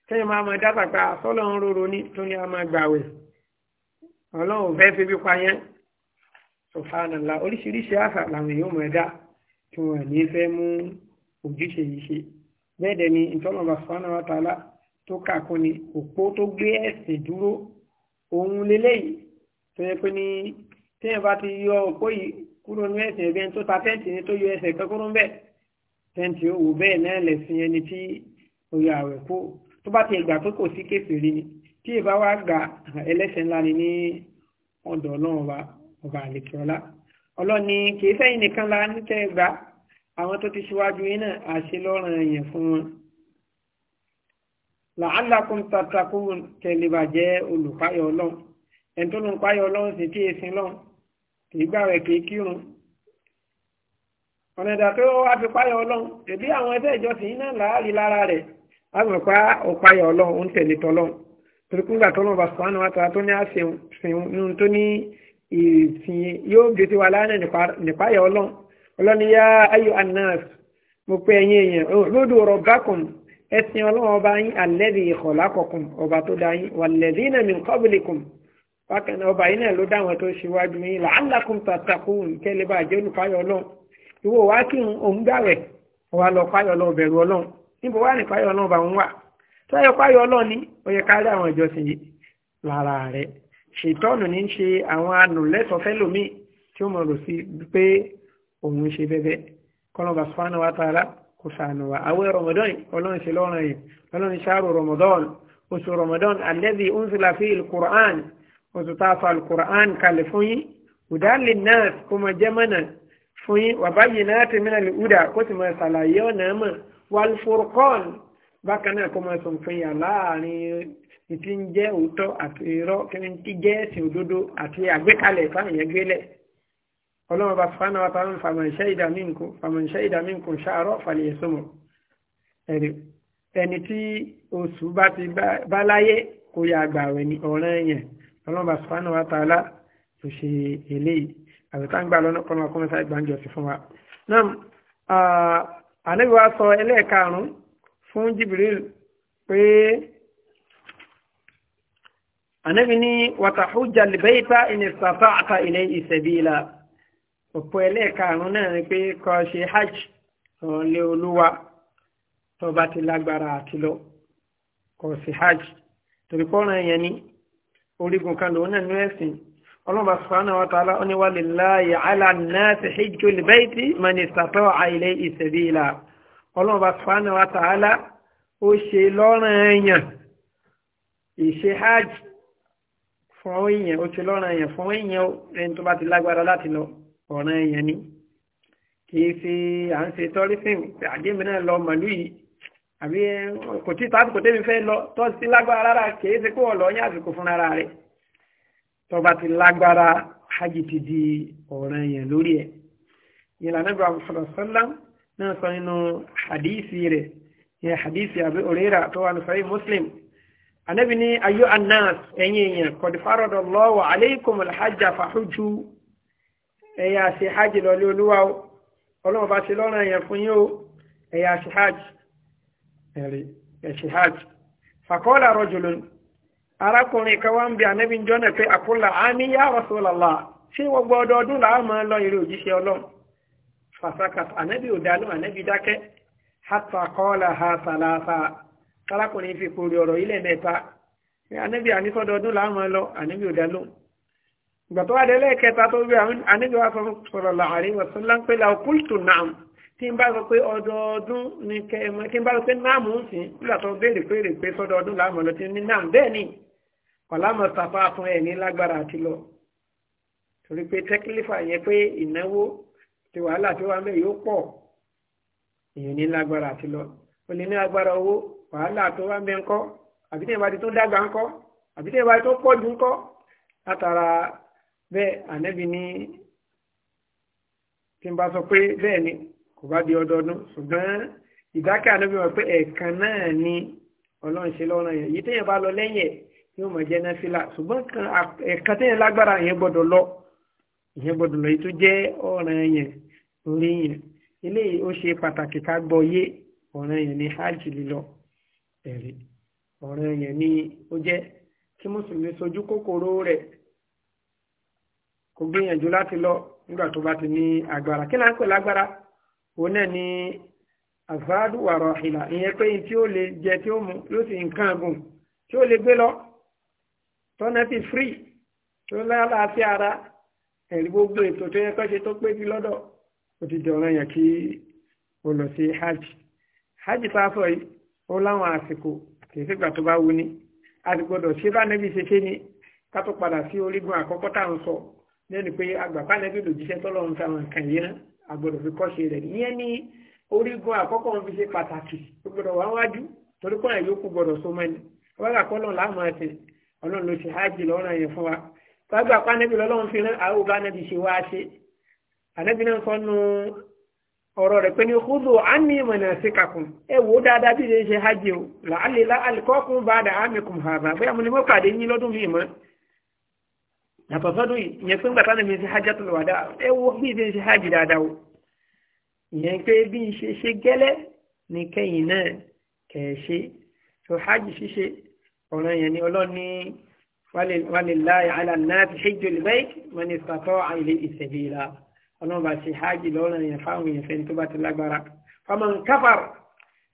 kẹ́yìn máa mọ̀ dábàá gba sọ́lọ́run roro ní tó ní a máa gbàwẹ̀ ọlọ́run fẹ́ fi bí pa yẹn subhanallah oríṣiríṣi àṣà làwọn èèyàn mọ̀ dá tí wọ́n ní fẹ́ mú ojúṣe yìí ṣe bẹ́ẹ̀ dẹ̀ ni ìtọ́nàbà subhanahu wa ta'ala tó kà kún ni òpó tó gbé ẹ̀sìn dúró òun leléyìí tó yẹ pé ní téèyàn bá ti yọ òpó yìí kúrò ní ẹ̀sìn ẹ̀bí tó ta tẹ́ǹtì ni tó yọ ẹsẹ̀ kẹ́kọ́rọ́ bẹ́ẹ̀ tẹ́ǹtì ó wò bẹ́ẹ̀ náà lẹ̀sìn ẹni tí ó yọ àwẹ̀ kó tó bá ti gbà pé kò sí kèfèrí ni tí ìbá wa gba ẹlẹ́ṣẹ̀ ńlá ni ní ọ̀dọ̀ ọlọ́run ọba ọba àlekíọ́lá ọlọ́ni kìí sẹ́yìn nìkan la ní tẹ́ gbà àwọn tó ti ṣíwájú yín náà àṣẹ lọ́rùn ẹ̀yàn fún wọn. làálàkùn tatakùn kẹlẹ́bà jẹ́ olùpáyọ̀ ọlọ́run ẹni tó lóun páyọ̀ ọlọ́run sì kíyè sí lọ́run kìí gbà rẹ̀ kìí kírun. ọ̀nà ìdàtọ́ wa fi páyọ̀ ọlọ́run èbí àwọn ẹgbẹ́ ìjọsìn yín náà làálì lára rẹ̀ àmọ̀ pa ah, òpayọ̀ ọlọ́run ń tẹ̀lé tọ́lọ́run torí kúńgbà tọ́lọ́run bá sùpánù àtàrà tó ní àṣehùn nínú tó ní ìsìn yóò gbé tí wà láàrin nípayọ̀ ọlọ́run ọlọ́ni yá ayọ̀ anas mo pe ẹ̀yin èèyàn lódò ọ̀rọ̀ bákùn ẹ̀sìn ọlọ́run ọba yín alẹ́dì ìkọ̀lákọ̀kùn ọba tó dá yín wàlẹ́dì náà mi kọ́bìlìkùn bákan ọba yín náà ló dá tó ṣíwájú yín làálàkùn níbo wá ní fáyọ̀ náà bá ń wà táyọ fáyọ̀ náà ní ó yẹ ká rí àwọn ìjọsìn yìí lára rẹ̀ ṣètọ́nù ní ṣe àwọn anùlẹ́sọ̀ fẹ́lòmíì tí ó mọ̀ rò sí pé òun ṣe bẹ́bẹ́ kọ́nọ̀bà sùpánà wa tààrà kò sànù wa àwẹ̀ rọmọdán ọlọ́run ṣe lọ́rùn yìí ọlọ́run ṣàrò rọmọdán oṣù rọmọdán alẹ́bí ounzila fi alukur'an oṣù tá a fa alukur'an kalẹ̀ fún yín udalin nas kò mọ jẹ́mọ́nà fún yín wàbáyé náà ti mìíràn lè uda kó sì mọ ṣàlàyé ọ̀nà mọ̀ walfurqan bákan náà kó máa sọ fún yà láàrin ìtí ń jẹ́ òótọ́ àti irọ́ kí ni ti jẹ́ ẹ̀sìn òdodo àti àgbékalẹ̀ fáwọn yẹn gbélẹ̀ ọlọ́run bá fana wa tàbí faman shahida minkum faman shahida minkum sha'ra falyasumhu ẹni tí oṣù bá ti bá láyé kó yà gbà wẹ̀ ọ̀ràn yẹn ọlọ́run bá fana wa ta'ala tó ṣe eléyìí àbẹ̀tà ń lọ́nà kọ́nà kọ́mẹ́sà ìgbàǹjọ́ sí fún wa. Ah, ànábì wa sọ ẹlẹ́ẹ̀karùn-ún fún Jibril pé ànábì ní wàtàhújà lìbẹ́yìtà ìnìsàtà àta ilẹ̀ ìsẹ̀bíìlà òpó ẹlẹ́ẹ̀karùn-ún náà ni pé kó ṣe hajj ọ̀lẹ́ olúwa tó bá ti lágbára àti lọ kó ṣe hajj torí kọ́ran yẹn orígun kan lòun náà ní ẹ̀sìn ọlọ́ba subhanahu wa ta'ala ó ní wa lillahi ala an-nasi hijjul bayti man istata'a ilayhi sabila ọlọ́ba subhanahu wa ta'ala ó ṣe lọ́ranyàn ìṣe hajj fún èèyàn ó ṣe lọ́ranyàn fún èèyàn ẹni tó bá ti lágbára láti lọ ọ̀ràn èèyàn ni kìí fi à ń ṣe tọ́rísìn tọba ti lágbára hajj ti di ọ̀ràn yẹn lórí ẹ̀ ìlànà ìgbà mùsùlùmí sọ́lá náà sọ nínú hadisi rẹ̀ yẹn hadisi àbí òrèrà tó wà ní sahih muslim anabi ni ayo anas ẹ̀yin èèyàn kọ̀dí fárọ̀dọ̀ lọ́wọ́ aleikum alhajj fàhùjú ẹ̀yà ṣe hajj lọ́lé olúwa ọlọ́run bá ṣe lọ́rùn yẹn fún yín ẹ̀yà ṣe hajj ẹ̀rí ẹ̀ ṣe hajj fàkọ́lá rọ́jùlọ́nù arákùnrin kan wá ń bi ànábì ń jọ́nà pé àkúlà àmì yá Rasulullah ṣé wọ́n gbọ́ ọdọọdún làá máa ń lọ eré òjíṣẹ́ ọlọ́run fasakat ànábì ò dá lóhùn ànábì dákẹ́ hatta qala ha salasa arákùnrin fi kórè ọ̀rọ̀ ilẹ̀ mẹ́ta ànábì ànísọ́dọọdún làá máa lọ ànábì ò dá lóhùn ìgbà tó wá dé lẹ́ẹ̀kẹta tó gbé ànábì wa sallallahu alaihi wasallam pé law qultu na'am tí n bá sọ pé ọdọọdún ni kẹ́ ẹ mọ tí n bá sọ pé náàmù ń sìn kúlà tó béèrè pé èrè pé sọdọọdún làá máa lọ ní náàmù bẹ́ẹ̀ ni ọ̀làmọ̀ tàpá fún ẹ̀ ní lágbára àti lọ torí pé tẹ́kílífà yẹn pé ìnáwó ti wàhálà tí wàá mẹ́ yóò pọ̀ èèyàn ní lágbára àti lọ ó lè ní agbára owó wàhálà tó wàá mẹ́ ńkọ́ àbí tẹ́yìn bá ti tó dàgbà ńkọ́ àbí tẹ́yìn bá ti tó pọ̀ jù ńkọ́ látara bẹ́ẹ̀ ànẹ́bí ní tí n bá sọ pé bẹ́ẹ̀ ni kò bá di ọdọọdún ṣùgbọ́n ìdákẹ́ ànẹ́bí wọn pé ẹ̀ẹ̀kan náà ni ọlọ́run ṣe lọ́rùn yẹn èyí tẹ́yìn bá lọ lẹ́yìn ẹ̀ yóò mọ̀ jẹ́ náfìlà ṣùgbọ́n ẹ̀ka tẹ́yìn lágbára yẹn gbọ́dọ̀ lọ yẹn gbọ́dọ̀ lọ yìí jẹ́ ọ̀ràn yẹn lórí yẹn eléyìí ó ṣe pàtàkì ká gbọ́ yé ọ̀ràn yẹn ní hajj lílọ ẹ̀rí ọ̀ràn ni ó jẹ́ kí mùsùlùmí sojú kòkòrò rẹ̀ lọ nígbà tó bá ti ní agbára kí lágbára òun náà ni ìlà ìyẹn pé tí ó jẹ tí ó lọ tọ́nà ti free tó lálàáfíà ara ẹ̀rí gbogbo ètò tó yẹ kó ṣe tó pé sí lọ́dọ̀ ó ti dọ̀ràn yàn kí o lọ sí hajj hajj tá a sọ yìí ó láwọn àsìkò kìí sígbà tó bá wù ní a ti bá nẹ́bí ṣe ṣe ni ká tó padà sí orígun àkọ́kọ́ tá à ń sọ lẹ́nu pé àgbàpá nẹ́bí lòjíṣẹ́ tọ́lọ́run táwọn nǹkan yìí rán àgbọ̀dọ̀ fi kọ́ ṣe rẹ̀ ìyẹn ní orígun àkọ́kọ́ wọn fi ṣe pàtàkì gbọdọ̀ wá wájú torí kọ́nà yòókù gbọdọ̀ so mẹ́ni wọ́n gbà kọ́ lọ́n láàmú ẹsẹ̀ ọlọ́run ló ṣe hajj lọ́rọ̀ yẹn fún wa gbàgbà pa anabi lọ́lọ́run fi rán àwọn ọba anabi ṣe wá ṣe anabi náà sọ nu ọ̀rọ̀ rẹ̀ pé ní kúzù ánì manasikakum ẹ wò dáadáa bí lè ṣe hajj o làálẹ̀ làálẹ̀ kọ́kùn bá dà amikum hàbà bóyá mo ní mo pàdé yín lọ́dún mi mọ́ àpapọ̀dọ̀ ìyẹn pé ńgbà tánà mi ṣe hajj tó lọ wà ẹ wo bí ìdí ṣe hajj dáadáa o ìyẹn pé bí ṣe ṣe gẹ́lẹ́ ní kẹ́yìn náà kẹ̀ ṣe tó hajj ṣíṣe ọ̀ràn yẹn ni ọlọ́ni walillahi ala nnasi hijjul bayti man istata'a ilayhi sabila ọlọ́run bá ṣe hajj lọ́ràn yẹn fáwọn èèyàn fẹ́ni tó bá ti lágbára faman kafar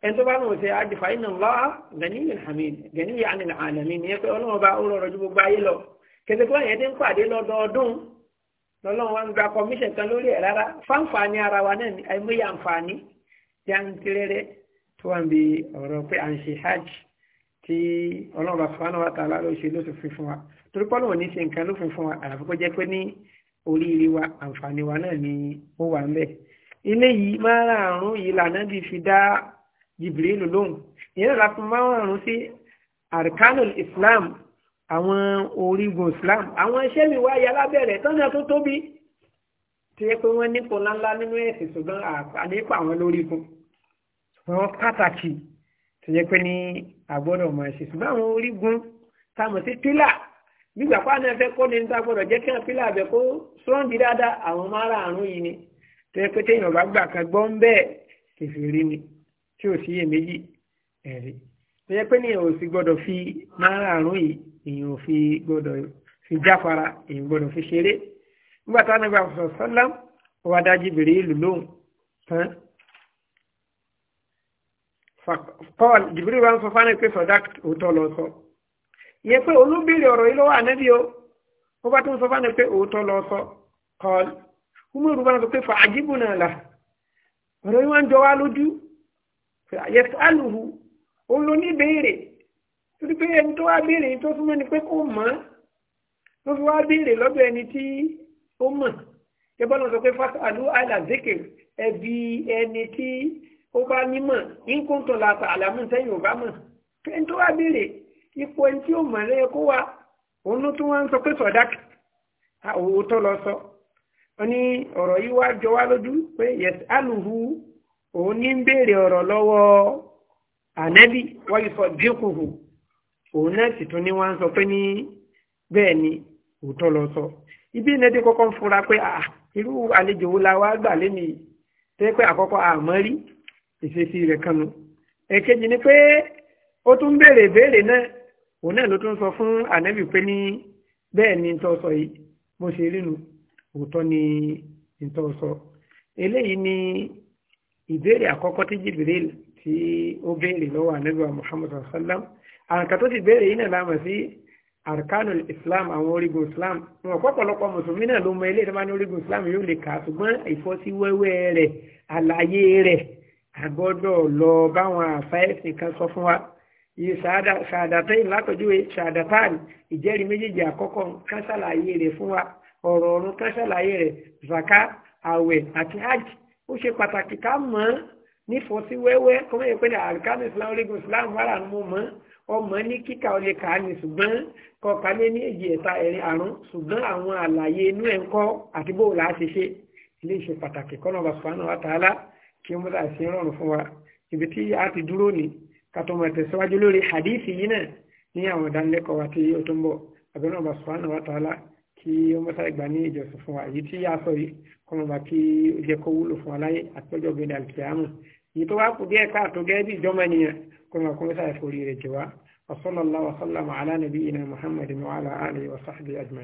ẹni tó bá mọ̀ ṣe hajj fa inna Allaha ganiyyun hamid ganiyyun 'anil 'alamin yẹn pé ọlọ́run bá ó rọrọ̀ ju gbogbo ayé lọ kẹsìkọ́ yẹn ti ń pàdé lọ́dọọdún lọ́lọ́run wa ń gba tí ọlọ́run bá fún wa tààlà ló ṣe ló fi fún wa torí pé ọlọ́run ní ṣe nǹkan ló fún fún wa àyàfi kó jẹ́ pé ní oríire wa àǹfààní wa náà ni ó wà ń bẹ̀. ilé yìí márààrún yìí lànà bí fi dá Jibril lóhùn ìyẹn náà láti márààrún sí arkanul Islam àwọn orígun Islam àwọn iṣẹ́ mi wá ya lábẹ́rẹ̀ tọ́nà tó tóbi tó yẹ pé wọ́n nípò ńláńlá nínú ẹ̀sìn ṣùgbọ́n àníkò àwọn lórí tó yẹ pé ní àgbọ́dọ̀ máa ṣe ṣùgbọ́n àwọn orígun táwọn sí pílà gbígbà pa náà fẹ́ kọ́ ní níta gbọ́dọ̀ jẹ́ kí wọ́n pílà bẹ̀ kó sọ́ọ̀dì dáadáa àwọn márààrún yìí ni tó yẹ pé téèyàn bá gbà kan gbọ́ ń bẹ́ẹ̀ kẹfìrí ni tí ò sí iyèméjì ẹ̀rí tó yẹ pé ní èèyàn ò sì gbọ́dọ̀ fi márààrún yìí èèyàn ò fi gbọ́dọ̀ fi jáfara èèyàn gbọ́dọ̀ fi ṣeré nígbà táwọn ẹgbẹ́ paul jibril wa ń sọ fáwọn pé sọdá òótọ́ lọ sọ ìyẹn pé olúbèrè ọ̀rọ̀ yìí lọ́wọ́ ànábì o ó bá tún sọ fáwọn pé òótọ́ lọ sọ paul umaru bá ń sọ pé fa àjíbù náà là ọ̀rọ̀ yìí wọ́n ń jọ wá lójú yẹtù alùhù òun ló ní béèrè torí pé ẹni tó wá ni pé kò mọ̀ ló fi wá béèrè lọ́dọ̀ ẹni tí ó mọ̀ yẹ bọ́lá sọ pé fásitì zikir ẹbí ẹni tí ó bá nímọ̀ ìkóńtò làtà àlàmú sẹ́yìn ò bá mọ̀ kẹ́ni tó wá béèrè ipò ẹni tí ó mọ̀ lẹ́yìn kó wa òun ló tún wá ń sọ pé sọ̀dáàkì òótọ́ lọ sọ ó ní ọ̀rọ̀ yìí wá jọ wá lójú pé yẹ̀sì alùhù òun ní ń béèrè ọ̀rọ̀ lọ́wọ́ ànẹ́bí wáyé sọ dínkùhù òun náà sì tún ní wá ń sọ pé ní bẹ́ẹ̀ ni òótọ́ lọ sọ ibi ìnẹ́dí kọ́kọ́ ń fura pé irú àlejò wo la wá gbà lé mi tẹ́ pé àkọ́kọ́ àmọ́ rí ìfesí rẹ̀ kanu èkejì ni pé ó tún béèrè béèrè náà òun náà ló tún sọ fún ànábì pé ní bẹ́ẹ̀ ni tó sọ yìí bó ṣe rí nu òótọ́ ni tó sọ eléyìí ni ìbéèrè àkọ́kọ́ tí Jibril tí ó béèrè lọ́wọ́ ànábì wa Muhammad sallam àǹkà tó ti béèrè yìí náà lámà sí arkanul islam àwọn orígun islam wọn pọ̀pọ̀lọpọ̀ mùsùlùmí náà ló mọ eléyìí tó bá ní orígun islam yóò lè kà á ṣùgbọ́n ìfọ́síwẹ́wẹ́ rẹ̀ àlàyé rẹ̀ àgbọ́dọ̀ lọ báwọn àfáẹ́sìn kan sọ fún wa iye ṣàdàtẹ́yìn látọ̀júwe ṣàdàtàn ìjẹ́rìí méjèèjì àkọ́kọ́ kan ṣàlàyé rẹ̀ fún wa ọ̀rọ̀ ọ̀run kan rẹ̀ zaka àwẹ̀ àti hajj ó ṣe pàtàkì ká mọ̀ ọ́ nífọ̀ọ́ sí wẹ́wẹ́ kọ́mọ́ yẹn pé ní islam orígun islam wàrà ni mo mọ̀ ọmọ ní kíkà ọ lè kà á ní ṣùgbọ́n kọ̀ọ̀kan lé ní èjì ẹ̀ta ẹ̀rin àrùn ṣùgbọ́n àwọn àlàyé inú ẹ̀ ń kọ́ àti bóòlù àṣeṣe ilé ìṣe pàtàkì kọ́nà bàbá wa ta'ala kí ó múra sí rọrùn fún wa ibi tí a ti dúró ní kàtọ́mọ̀ tẹ̀síwájú lórí hadithi yìí náà ní àwọn ìdánilẹ́kọ̀ọ́ wa tí ó tó ń bọ̀ àbẹ̀rẹ̀ ọba subhanahu wa ta'ala kí ó mọ́ta ìgbà ní ìjọsìn fún wa èyí tí a sọ yìí kọ́mọba kí ó jẹ́ kó wúlò fún wa láyé àtọ́jọ́ gbẹ̀dẹ̀ àlùkìyàmù èyí tó wá kù bí ìjọba ènìyàn kọ́mọba kó